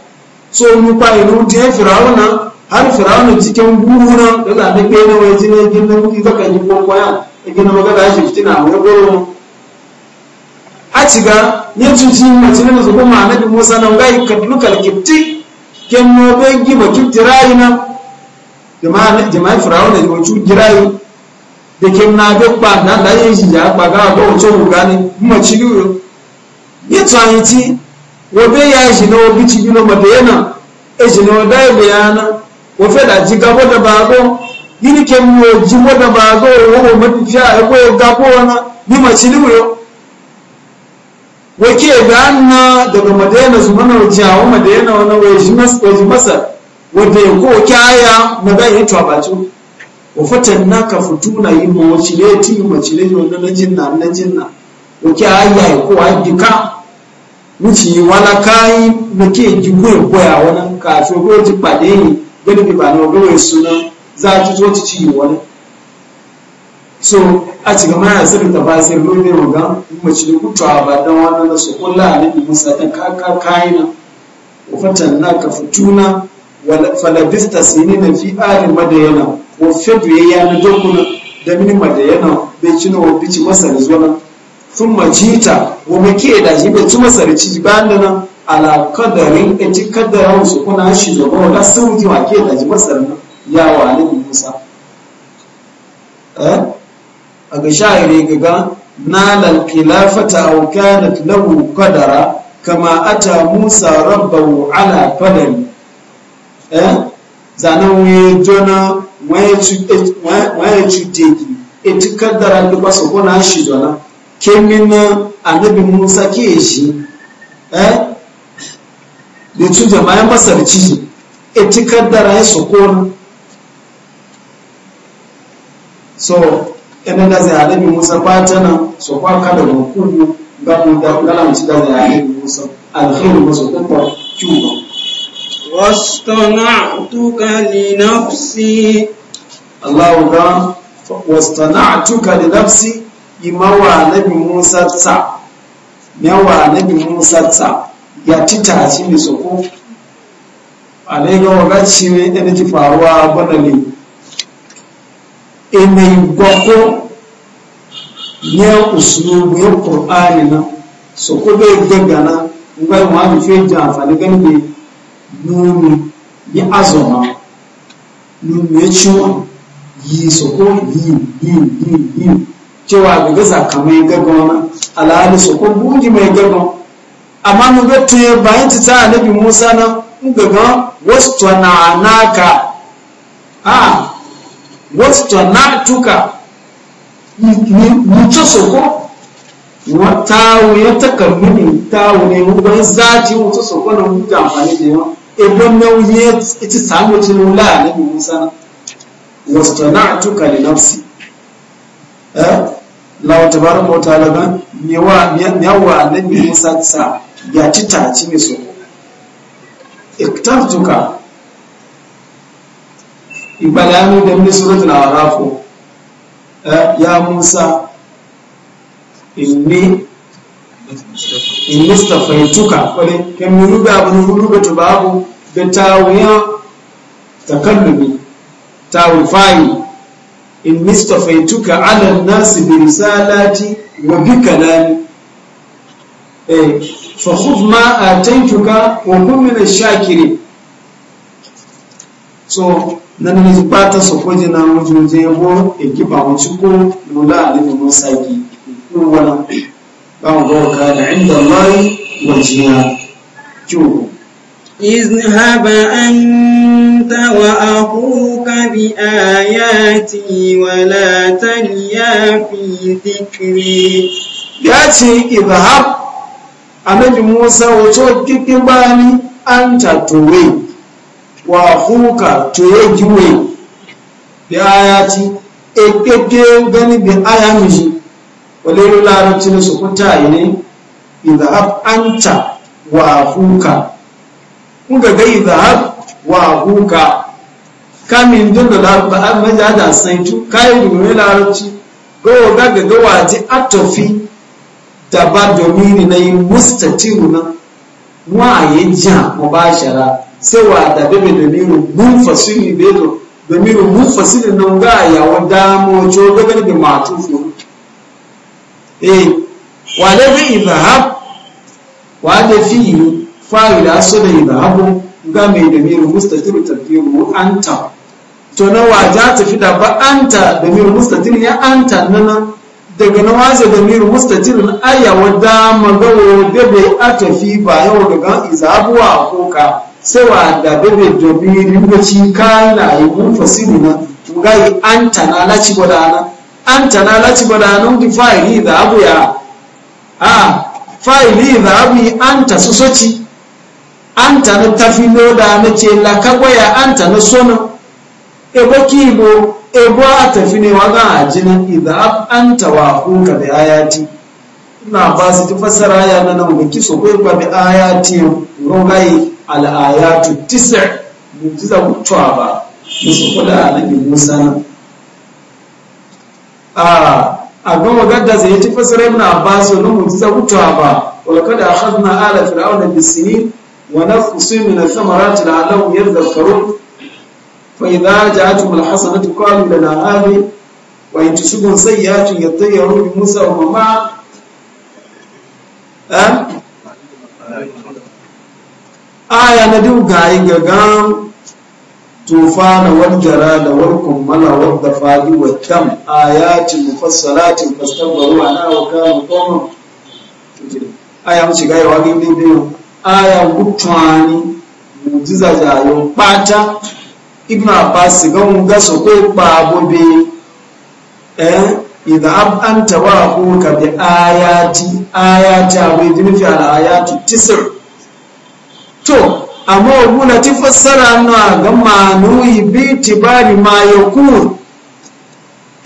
Speaker 2: so nufa ilu je firawuna har firawuna cikin buhuna da zaɓe ɓe na jini ne gina kuke zaka yi ko kwaya da gina magana shi fitina a wurgoro a ciga ne cuci mace ne su kuma annabi musa nan gai duka kipti ken no be giba kipti rayina jama'a jama'a firawuna yo cu girayi da ken na be ba na da yin shi ya ba ga ba o mu gani mu ci yo ne ci wobe ya shi na wobi ci bi na mata yana e shi na wada ibe ya na wofe da ji gabo da bago yini ke mu ji mo da bago wo wo mafi fiya e ko wana ni ma ci limu yo wake da na daga madina su mana wuce a madina wani waje masa wadda ya ko kyaya na da yi tabatu wa fatan na ka na yi ma wacile ti ma wacile yi wannan na jinna na jinna wake ayya ya ko ayyuka wuce wala kayi da ke jiwe koya wani kafin ko ji pàdé yìí gẹ́gẹ́ bí bàánà ọgọ́wẹ̀ ìsúná záàtú ta ci ciyi wani so a ci gama ya sirri tafa sai mu ga mace da kutu a badan wani da su kula a nabi musa kakar kaka kayina wafatan na ka fituna falabista sini na fi alin madayana ko fedu ya yana dokuna da mini madayana bai cina wa bici masa da zuwa sun majita wa muke da shi bai ci masarci bayan da nan ala kadarin da ci kadarin su kuna shi zaba wa da sun ji wake da ji masar ya wa alibi musa a ga sha'ire gaga nalal khilafata aw kanat lahu qadara kama ata musa rabbahu ala qadari eh zanan we jona waye chu waye chu teki etikadara ndikwaso shi shizona kemina annabi musa ke shi eh da tu jama'an masar ciki etikar da rai so ina da zai annabi musa kwata nan so kwa kada
Speaker 1: hukunu ga mu da galamci da zai annabi musa alkhairu musu kuma kyuba واصطنعتك لنفسي
Speaker 2: الله قال واصطنعتك لنفسي imawa nabi musa tsa yawa nabi musa tsa ya ci tashi ne su ga alaiga wagaci ne ɗan ji faruwa gwanale inai gwakko ne usulubu bai ƙur'ani na su ko bai gaggana ngai wa mu fe jafa ne gani ne nuni ya azoma nuni ya ciwon yi su ko yi yi yi yi cewa daga sakamai wani alhali su kun buji mai gaggawa amma mu ga te bayan ta ta annabi Musa na gaga wastana'naka a wasu tana tuka mutu su ko wata wuya ta tawo ne mu ban zaci mu mutu su ko na mutu amfani da yawa na nauyi ita samu tunu la annabi Musa na wasu tana tuka da nafsi eh? lawa tabarar bauta laban yawa annabi musa sa ya ci ne mai so iktartuka ibalami da mai suratul arafu eh, ya musa inni inni stafaituka wani kan mi ruga abin ruga ta babu da tawiya takallubi tawul in mistafaituka ala nasi bi risalati wa bi kalami fa khudh ma ataituka wa kun min ash-shakirin so nan ne zubata so je na wajen je bo ba mu chiko lola mu saki ko wala
Speaker 1: ba mu ga da inda Allah wajiya kyau اذهب أنت وأخوك بآياتي ولا تنيا في ذكري ياتي اذهب النبي موسى وتوت كباني أنت
Speaker 2: توي وأخوك تويجوي بآياتي ekeke gani bi aya miji wale larabci na su kuta ne idha anta wa afuka kuka ga izhab wa huka kamin da la ba an maja da saitu tu kai dume larabci go ga ga ga waje atofi da ba domini na yin mustatiru na wa ya ja mubashara sai wa da bebe domini mun fasili bezo domini mun fasili nan ga ya wa damo jo ga ga da matufu eh wa da zai izhab wa da fi'lu fa'ila su da yi zahabu ga mai da miru mustatir tafiyu anta to na ta tafi da ba ta da miru mustatir ya anta nana daga na waje da miru mustatir na ayawa magawo da bai a tafi ba yau daga izabuwa ko ka sai wa da bebe domin ringoci kala yi mun fasiri na gai anta na laci gwadana anta na laci gwadana di fa'ili abu ya a ah, fa'ili zahabu anta su soci an ta na tafi loda na ce lakagwaya an ta na sona ebo kibo ebo a tafi ne wa ga ajina idan an ta wa huka da ayati na ba su ti fasara ya na nan ga kiso ko ba bi ayati rogai al ayatu tis'a mujiza kutwa ba musu kula nan bi musa nan a a ga magadda zai ci na ba su na mujiza kutwa ba wala kada akhadna ala fir'auna bisinin ونقص من الثمرات لعلهم يذكرون فإذا جاءتهم الحسنة قالوا لنا هذه وإن تصبهم سيئات يطيروا بموسى ومن معه أه؟ آية ندو ندوك عيقام طوفان والجراد والكمل والضفادع والدم آيات مفصلات فاستكبروا عنها وكانوا قوما آية مش غير واجب بيهم aya gutwani mujiza zayo pata ibn abbas ga mu ga so ko pa bobe eh idha anta wa ka bi ayati ayati abu jini fi al ayatu tisr to amma wuna ti fassara annu ga manuyi bi tibari ma yakun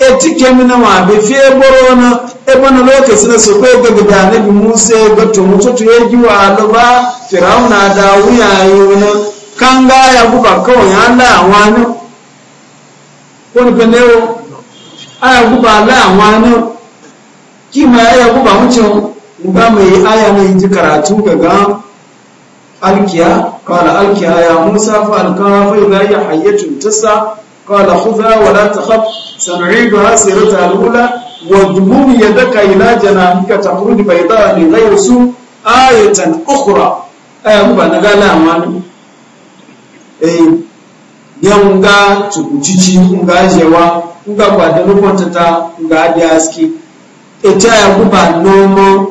Speaker 2: etike mina wa be fiye boro na ebe na lokaci na su kai ga gida annabi musa ga to mututu ya ji wa alaba firawuna da wuyayo na kan gaya guba kawai ya la wani wani benewo aya guba la wani kima aya guba mucin ga mai aya mai ji karatu ga alkiya kawai alkiya ya musa fa alkawa fa ya hayyacin tasa قال خذها ولا تخف سنعيدها سيرتها الأولى واضمم يدك إلى جناحك تخرج بيضاء لغير سوء آية أخرى آية مبانا قال أمان إيه يمغا تكوتشي مغا جوا مغا بعد نبوتتا مغا دياسكي إتايا مبانا نومو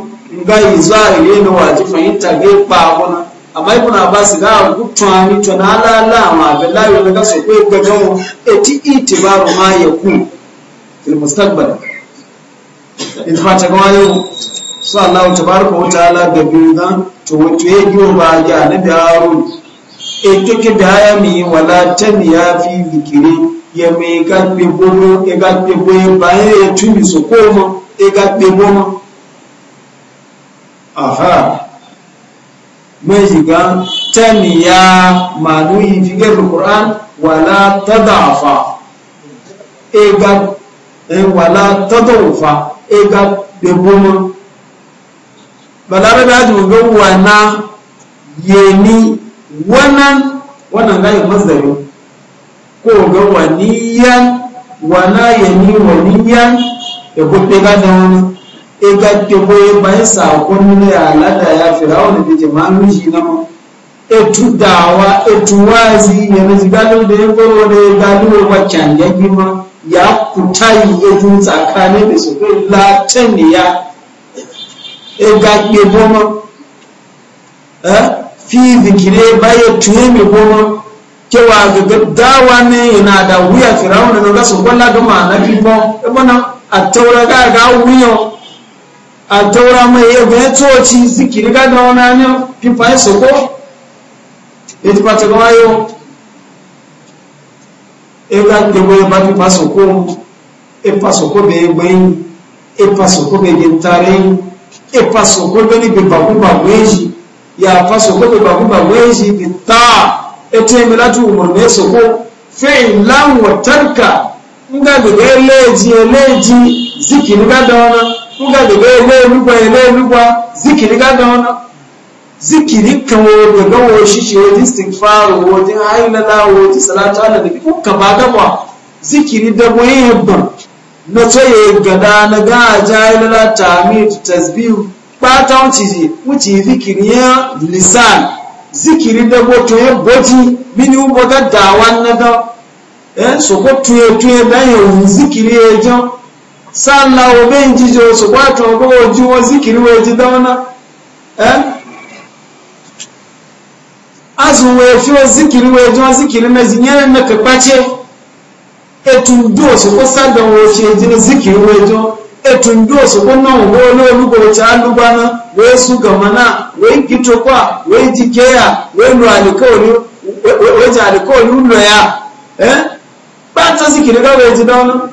Speaker 2: مغا يزاري ينواجي فإنتا غير بابنا amma ibn abbas ga a to na la la ma billahi daga su ko ga gawo ma fil mustaqbal in ta tabaraka wa taala da biyu dan to wato ya yi ba ga annabi e mi wala tan ya fi zikiri ya me ga bomo e ga ba tumi ko mo e ga bomo aha majiga taniya manuyi figar alquran wala tadafa ega wala tadafa ega debomo balarabe ajin ga wana yemi wannan wannan ga yin masdari ko ga waniyan wana yemi waniyan da kuɗe ga da wani e ga ke ba bayan sakon ne ya lada ya firawun da ke malun shi na ma e tudawa e tuwazi ya na jigadon da ya goro da ya gado wa canje gima ya kutayi ya tun tsakani da su kai latin ya e ga ke goma fi zikire baya tuye mai goma kewa ga dawa ne yana da wuya firawun da ga su kwalla ma na fi ma e bana a taura ga ga wuyan a taura mai yabo ya tsoci zikiri ga da wani hanyar fifa ya soko ya ti fata gama yau ya ga ya ba fifa soko ya fa soko bai gbayin ya fa soko bai gintare ya fa soko gani bai baku baku ya ya fa soko bai baku baku ya ta ya ce lati umarni ya soko fi'in lan tarka in ga gbogbo ya leji ya leji da wani kuga daga lelugba ya e lelugba zikiri ga da zikiri kan wo daga wo shi shi wo istighfaru wo din haylala ala da ko ka ba ga ba zikiri da bo e ba. na to gada na ga jaylala tamid tasbihu ba ta wuce ji wuce zikiri ya lisan zikiri da bo to ye boji mini wo da dawa na da eh soko tuye tuye da ye zikiri ya e jan sallah wo be njije osu kwato ko oju wo zikiri wo ji dawana eh azu wo fi wo zikiri wo ji wo zikiri na zinyere na ka kwace etu ndo so ko sada wo fi ji na zikiri wo ji etu so ko na wo lo lu ko cha lu bana we su gamana we jikeya we lu alikoli we ja alikoli ulo ya eh zikiri ka weji ji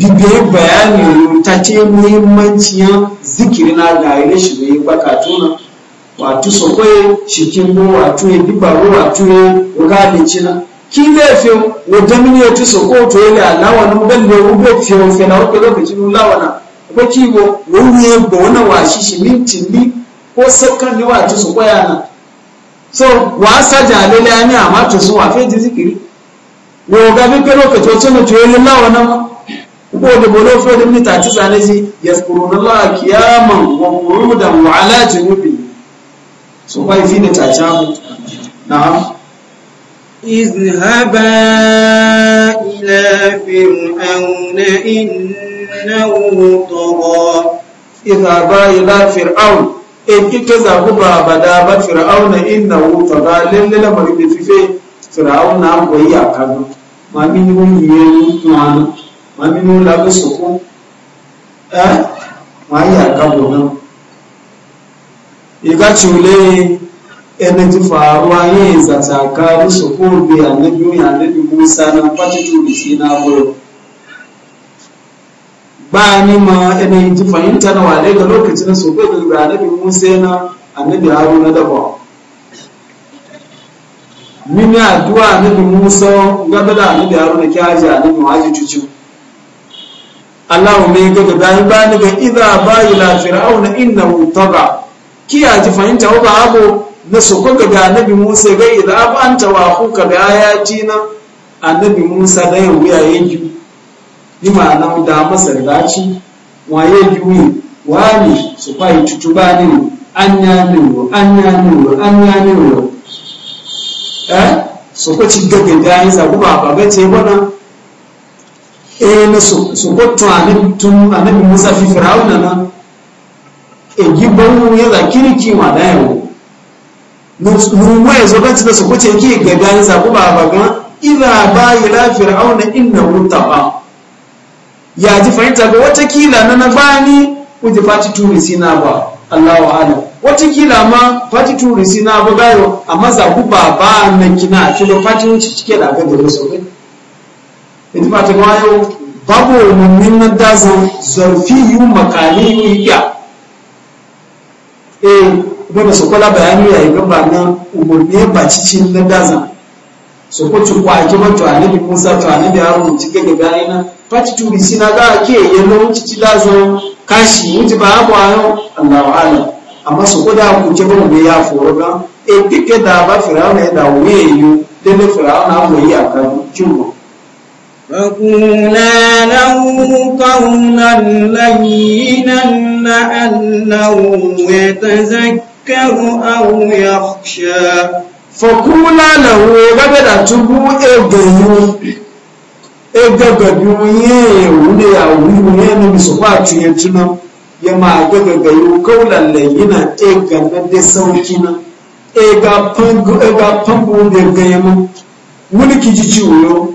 Speaker 2: bibiyar bayani ta ce muhimmanciyar zikiri na gari na shi mai baka tuna wato so koye shi kin bo wato ya bi bo wato ya wuga da cina ki ne fi wata mini ya tuso ko to ya alawa nu ban da ube fi on fe na wata lokaci nu lawa na ko ki bo wani ya bo wannan washi shi minti ni ko sakkan ne wato so koya na so wa sa jalele ne amma to so wa fe zikiri wo ga bi pe lokaci to mu to ya lawa na ko da bolo so da mita ta zane shi yazkuruna Allah qiyaman wa qu'udan wa ala junubi so bai fi da tacha
Speaker 1: na'am izhaba ila fir'auna innahu tagha izhaba
Speaker 2: ila fir'aun in e kike zabu ba bada ba fir'auna innahu tagha lillal mai fife fir'auna goyi akadu ma min yi yi tuwana wọ́n mímú lágbóṣòkó ẹ́ wọ́n yà kábọ̀ náà ìgbà tí lé ẹni tí faruwa yin zataka rusuku bi annabi annabi musa na fatitu bi shi na gurin ba ni ma yanayin ji fahimta na wane ga lokacin su bai daga annabi musa na annabi haruna daba mini addu'a annabi musa gaba da annabi haruna kyaji annabi waji Allah mai gado da ba ni ga idza ila fir'auna innahu tagha kiya ji fahimta ko ba abu na su ko ga annabi Musa ga idza anta wa ka bi ayati na annabi Musa da yau ya yi ni ma nan da masallaci waye juyi wani su kwai tutuba ne anya ne anya ne anya ne eh su ko ci gaga da yin sa ku ba ba ce wannan eh sokoto annabi musa fi firawuna na egi eh, gbogbo ya za kirki ma da yawo zo ganci da sokoto ya ke gada ya zaɓi ila ba la inna wuta ba ya ji fahimta ga watakila na na bani kuji fati turisi na ba allahu alam watakila ma fati turisi na ba gayo amma zaɓi ba ba na kina a filo fati wuce cike da ga da idi ba ta mayo babu mummin na dazan zarfi yi makani yi ya eh dole su kula bayani ya yi gaba na umarni ba cikin na dazan su ko tu kwa ki mato annabi Musa to annabi Harun ci ga gaba ina fati tu sina ga ke yallo ci ci dazan kashi wuti ba abu ayo Allahu alam amma su ko da ku ke ba ya foro ga e eh, kike da ba firawna da wuye yu dole firawna mu yi akan kiwo
Speaker 1: فقولا له قولا لينا لعله يتذكر أو يخشى فقولا له غدا تبو إبنه egagabiwo
Speaker 2: yeye wule ya wuli yeye ne bisu ba tuye ya ma gagaga yi kaulan layina ega na da na ega pangu ega pangu da gayama ki wuyo.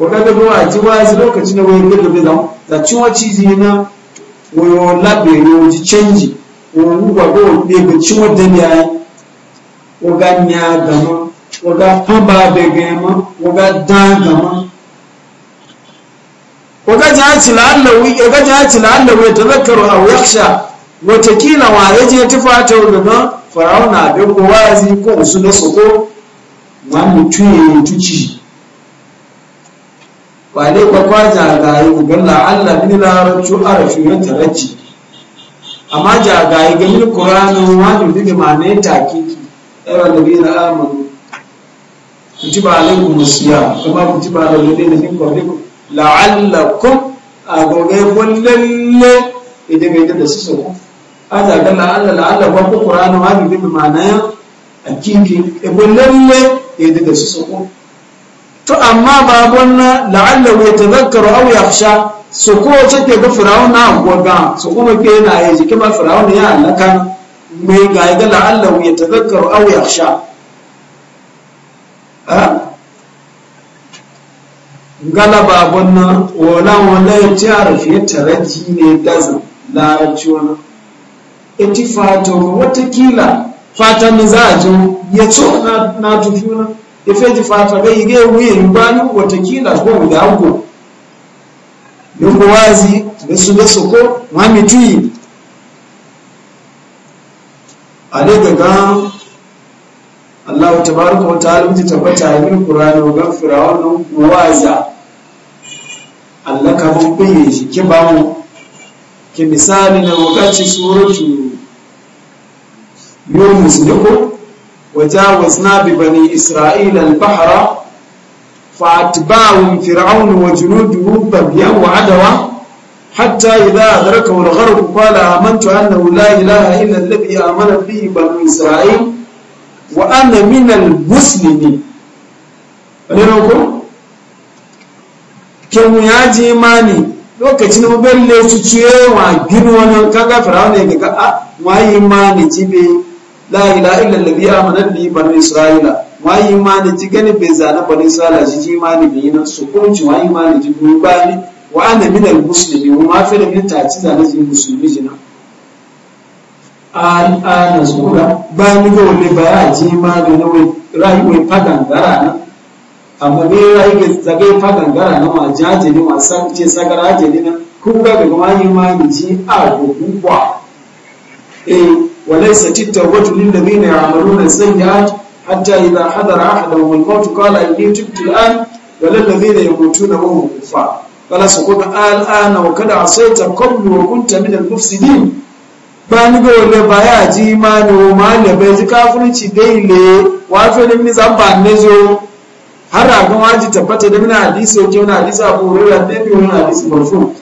Speaker 2: ko kaga ruwa ji wazi lokacin da wayar gaba bai zama da cinwa cizi na wayo labe ne wuji canji wani gwago ne ga cinwa da ne yayi waga nya gama waga famba da gama waga dan gama waga jaci lallawi waga jaci lallawi tazakkaru aw yakhsha watakila wa yaje tufata gama farauna bin wazi ko su soko wane kwa kwaja gayi ugan la'alla la larabcu arafu ya taraji amma ja gayi ga min qur'anin wani diga mane takiki aywa nabiyina amanu kutiba alaikum siyam kama kutiba ala ladina min qablikum la'allakum agoge bollalle ida ga da su so aja ga la'alla la'alla ba ku qur'anin wani diga mane akiki e bollalle ida da su so to amma babon na la'alla wai ta zakaru au ya sha su ko take ga firawun na gwaga su kuma ke na yi jiki ba firawun ya halaka mai ga ga la'alla wai ta zakaru au ya sha gala babon na wala wala ya ci harafi taraji ne dazin larabci wani iti fata watakila fata ne za a ji ya tso na tufi wani ifeji fata ga ige wuye rubani watakila ko guda ko da wazi da su ko mami tuyi ale gaga Allah tabaraka wa ta'ala mutu tabbata yin Qur'ani wa gafira wa waza Allah ka mun bayyana shi ke ba mu ke misali na wakati suratu musu da ko وجاوزنا ببني إسرائيل البحر فأتباهم فرعون وجنوده بغيا وعدوا حتى إذا أدركوا الغرب قال آمنت أنه لا إله إلا الذي آمن به بنو إسرائيل وأنا من المسلمين kemu ya ji imani lokacin mabelle su ciye wa gini wani kaga firawun ne daga a wayi imani jibe la ila illa alladhi amana bi bani isra'ila wa imani ji gani bai zana bani isra'ila ji ji imani bi nan su ko ji wa imani ji ko bani wa ana min al muslimin wa ma fi da min ta ci zana ji musulmi ji nan an ana sura ba ni ga wani ba ya ji imani ne wai rai wai fadan gara na amma ne rai ke zage fadan gara na ma jaje ne ma san ce sagara je ne na ku ga ga ma imani ji a gugwa eh وليست التوبة للذين يعملون السيئات حتى إذا حضر أحدهم الموت قال إني تبت الآن وللذين يموتون وهم كفار قال سكون الآن وقد عصيت قبل وكنت من المفسدين bani ga wanda baya ji imani o ma le bai ji kafirci dai le wa fe ni mi zamba ne zo har a ga waji tabbata da mina hadisi o kewa hadisi abu rura da bi wani hadisi marfu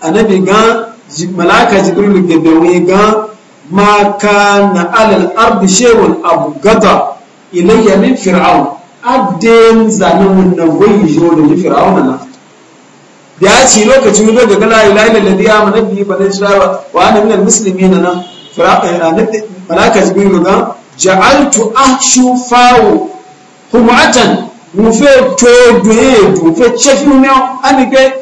Speaker 2: anabi ga malaka jibril ga da wani ga ma kana alal ardi abu abgata ilayya min fir'aun adden zanin wannan goyi jo da ni fir'aun na ya ci lokacin da daga la ilaha illallah ya mana bi ba dan shara wa ana min almuslimin nan fir'aun na malaka jibril ga ja'altu ahshu fawo humatan mo fẹ́ tó dùn èdò wa chẹ́fí mẹ́ ánìkẹ́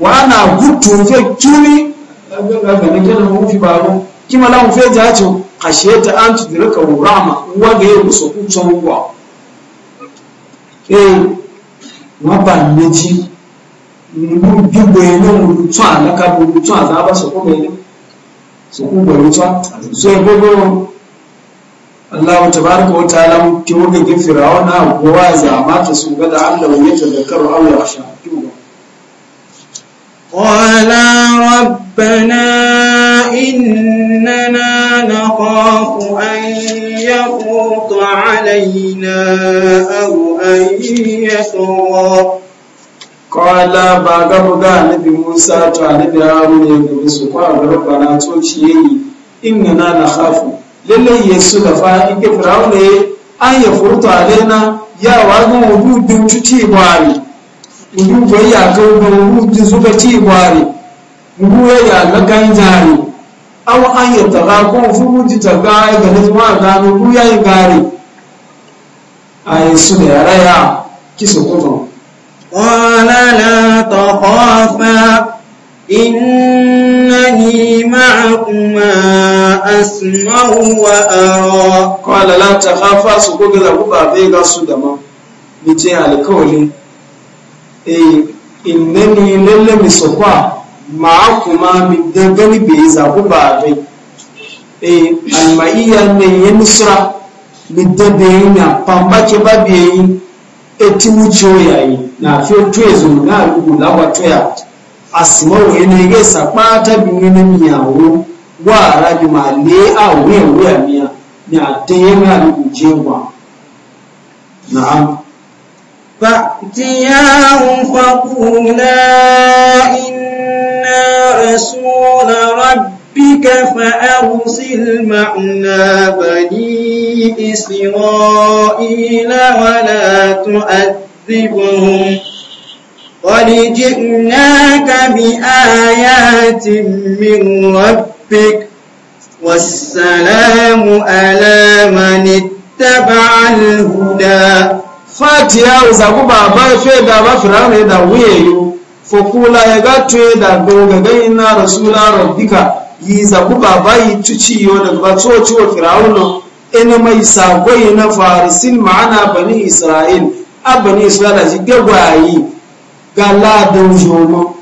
Speaker 2: wàhánà gùtù fẹ́ ga agbẹ́gbẹ́ gẹ́gẹ́ ló fi bàrún kima lahun fe jacho khashiyata an tudraka rahma wa ga yi musu kucin ruwa eh wa ba meji mu dugbo ene mu tun alaka bu tun azaba so ko ene so ko bo tun so e gogo Allah tabaraka wa ta'ala mu ki mu ga gifira wa na gowa za ma ta su ga da Allah ya tadakkaru Allah ya shakiwa
Speaker 1: قالا ربنا إننا نخاف أن يفوت علينا أو أن يطغى
Speaker 2: kwala ba ga buga annabi Musa to annabi Harun ya gabe su kwa rabbana yayi na lalle yesu da fa in ke ne an ya furta alaina ya wa wudu dun tuti bari ubu ya to ubu zuba ci bari ubu ya la A aw an yataga ko fubu ji taga ga ne ma ga no ubu ya gari
Speaker 1: ay su da raya kiso ko qala la takhafa إنني ta أسمع su ko لا تخافا سكوك
Speaker 2: ذا بقى بيغا سودما متي je كولي Eh, innani lalle mi sokwa ma kuma mi dangane bai zaku ba bai e eh, almaiya ne ya mi dabe na pamba ke ba bai eti mu yayi na fi otu ezo na rubu lawa toya asimo we ne ge sapa ta bi ni mi yawo wa rabi ma le awe we mi ya ni ate na rubu jengwa na'am
Speaker 1: فأتياه فقولا إنا رسول ربك فأرسل معنا بني إسرائيل ولا تؤذبهم
Speaker 2: قد جئناك
Speaker 1: بآيات من ربك والسلام على من اتبع الهدى fatiya uzaku baba fe da ba firana da
Speaker 2: wuyeyo fokula ya gatwe da dogagai ina rasula rabbika yi zaku baba yi tuciyo da ba tsociwo firawuna ina mai sagoyi na farisin ma'ana bani isra'il a bani isra'ila ji gagwayi ga ladan jomo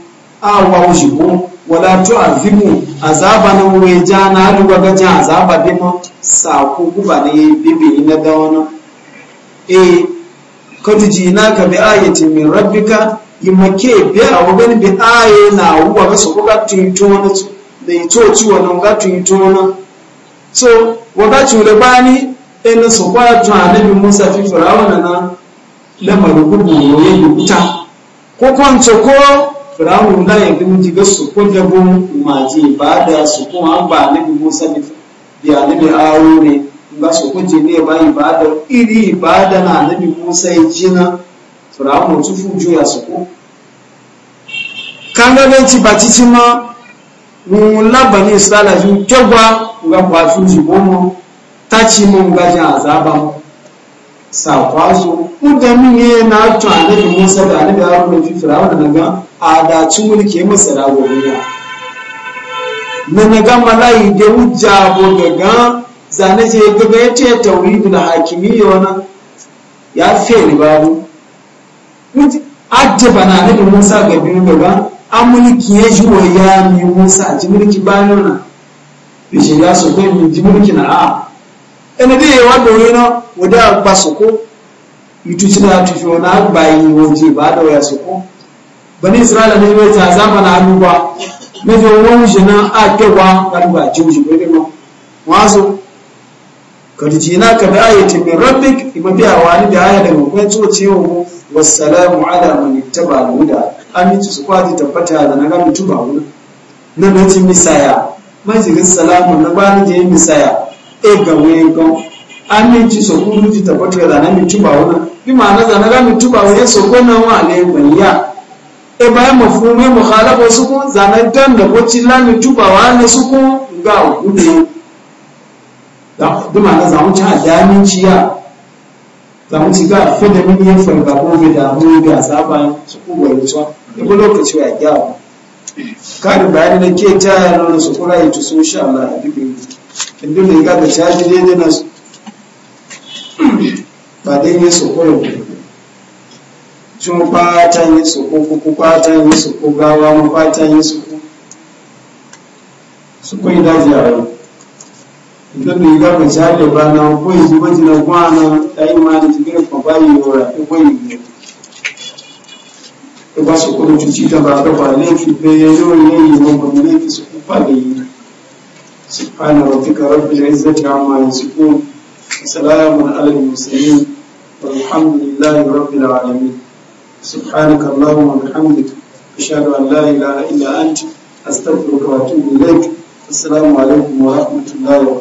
Speaker 2: a waujibu wala tu'azimu azaba na weja na aluwa gajan azaba bima sako guba ne bibi na da wani eh kadu jina ka bi ayati min rabbika yimake bi awogan na uwa ga so waga cule bani ina so kwa to anabi Musa na lamarin gudu ne ya kuta ko kwanci ko firawun da ya bi mutu su ko maji ba da su kuma an ba nabi musa da nabi aro ne ba su kuje ne ba ibada iri ibada na annabi Musa ya jina to da ci ya su ko kanga ben ci bati ci ma mu labani sala ju kegwa ga kwa ji bomo tachi mu ga ja azaba su ku da mutane ne na to annabi Musa da annabi Harun ji Fir'aun da ga adaci mulke masa da gobe na na ga malai da wujja bo ga zane je gaba ya ce tauridu na hakimi ya wani ya fere babu ba na nufin musa ga biyu gaba an mulki ya ji wa ya mi musa ji mulki bayan na da shi ya so kai ji mulki na a ina dai yawa da wani na wadda ba su ko mutuci na tufi wani yi waje ba da waya su ko bani isra'ila ne mai ta zama na aluba na fi wani shi na a kewa ba ba ji wuce ma wasu kad jina ka bi ayatin min rabbik ima bi awani bi aya daga kun so ciwo wassalamu ala man ittaba al-huda aminci su kwaji tabbata da na ga tuba wuna na nati misaya majigin salamu na bani je misaya e ga wayan kan aminci su kuma ji tabbata da na mutuba wuna bi ma'ana da na ga tuba wuna so ko na wa ne banya e bayan mu mukhalafa su kun zanar dan da ko cilla mutuba wa ne su kun ga hudu duma na zamu ci a damin ciya zamu ci ga fi da mini ya farga da mu ga saba su ku bai tsuwa duk lokaci ya gyawa karin bayani na ke ta yana su kura yi tuso sha Allah a duk yi inda mai gaga caji daidai na su ba dai ne su kura sun fatan yi su ko kuku fatan yi su ko gawa mu fatan yi su ko su kai daji a yau ndoto ikaba cyane bana ukwezi bakina kwana ayo mani kigere kwabayiyora ukwezi ubasha kubona cucika baba bane fipe yoro ne yimba muri su kupale subhana rabbika rabbil izzati amma yasifun salamun alal mursalin walhamdulillahi rabbil alamin سبحانك اللهم وبحمدك أشهد أن لا إله إلا أنت أستغفرك وأتوب إليك Assalamu alaikum wa rahmatullahi wa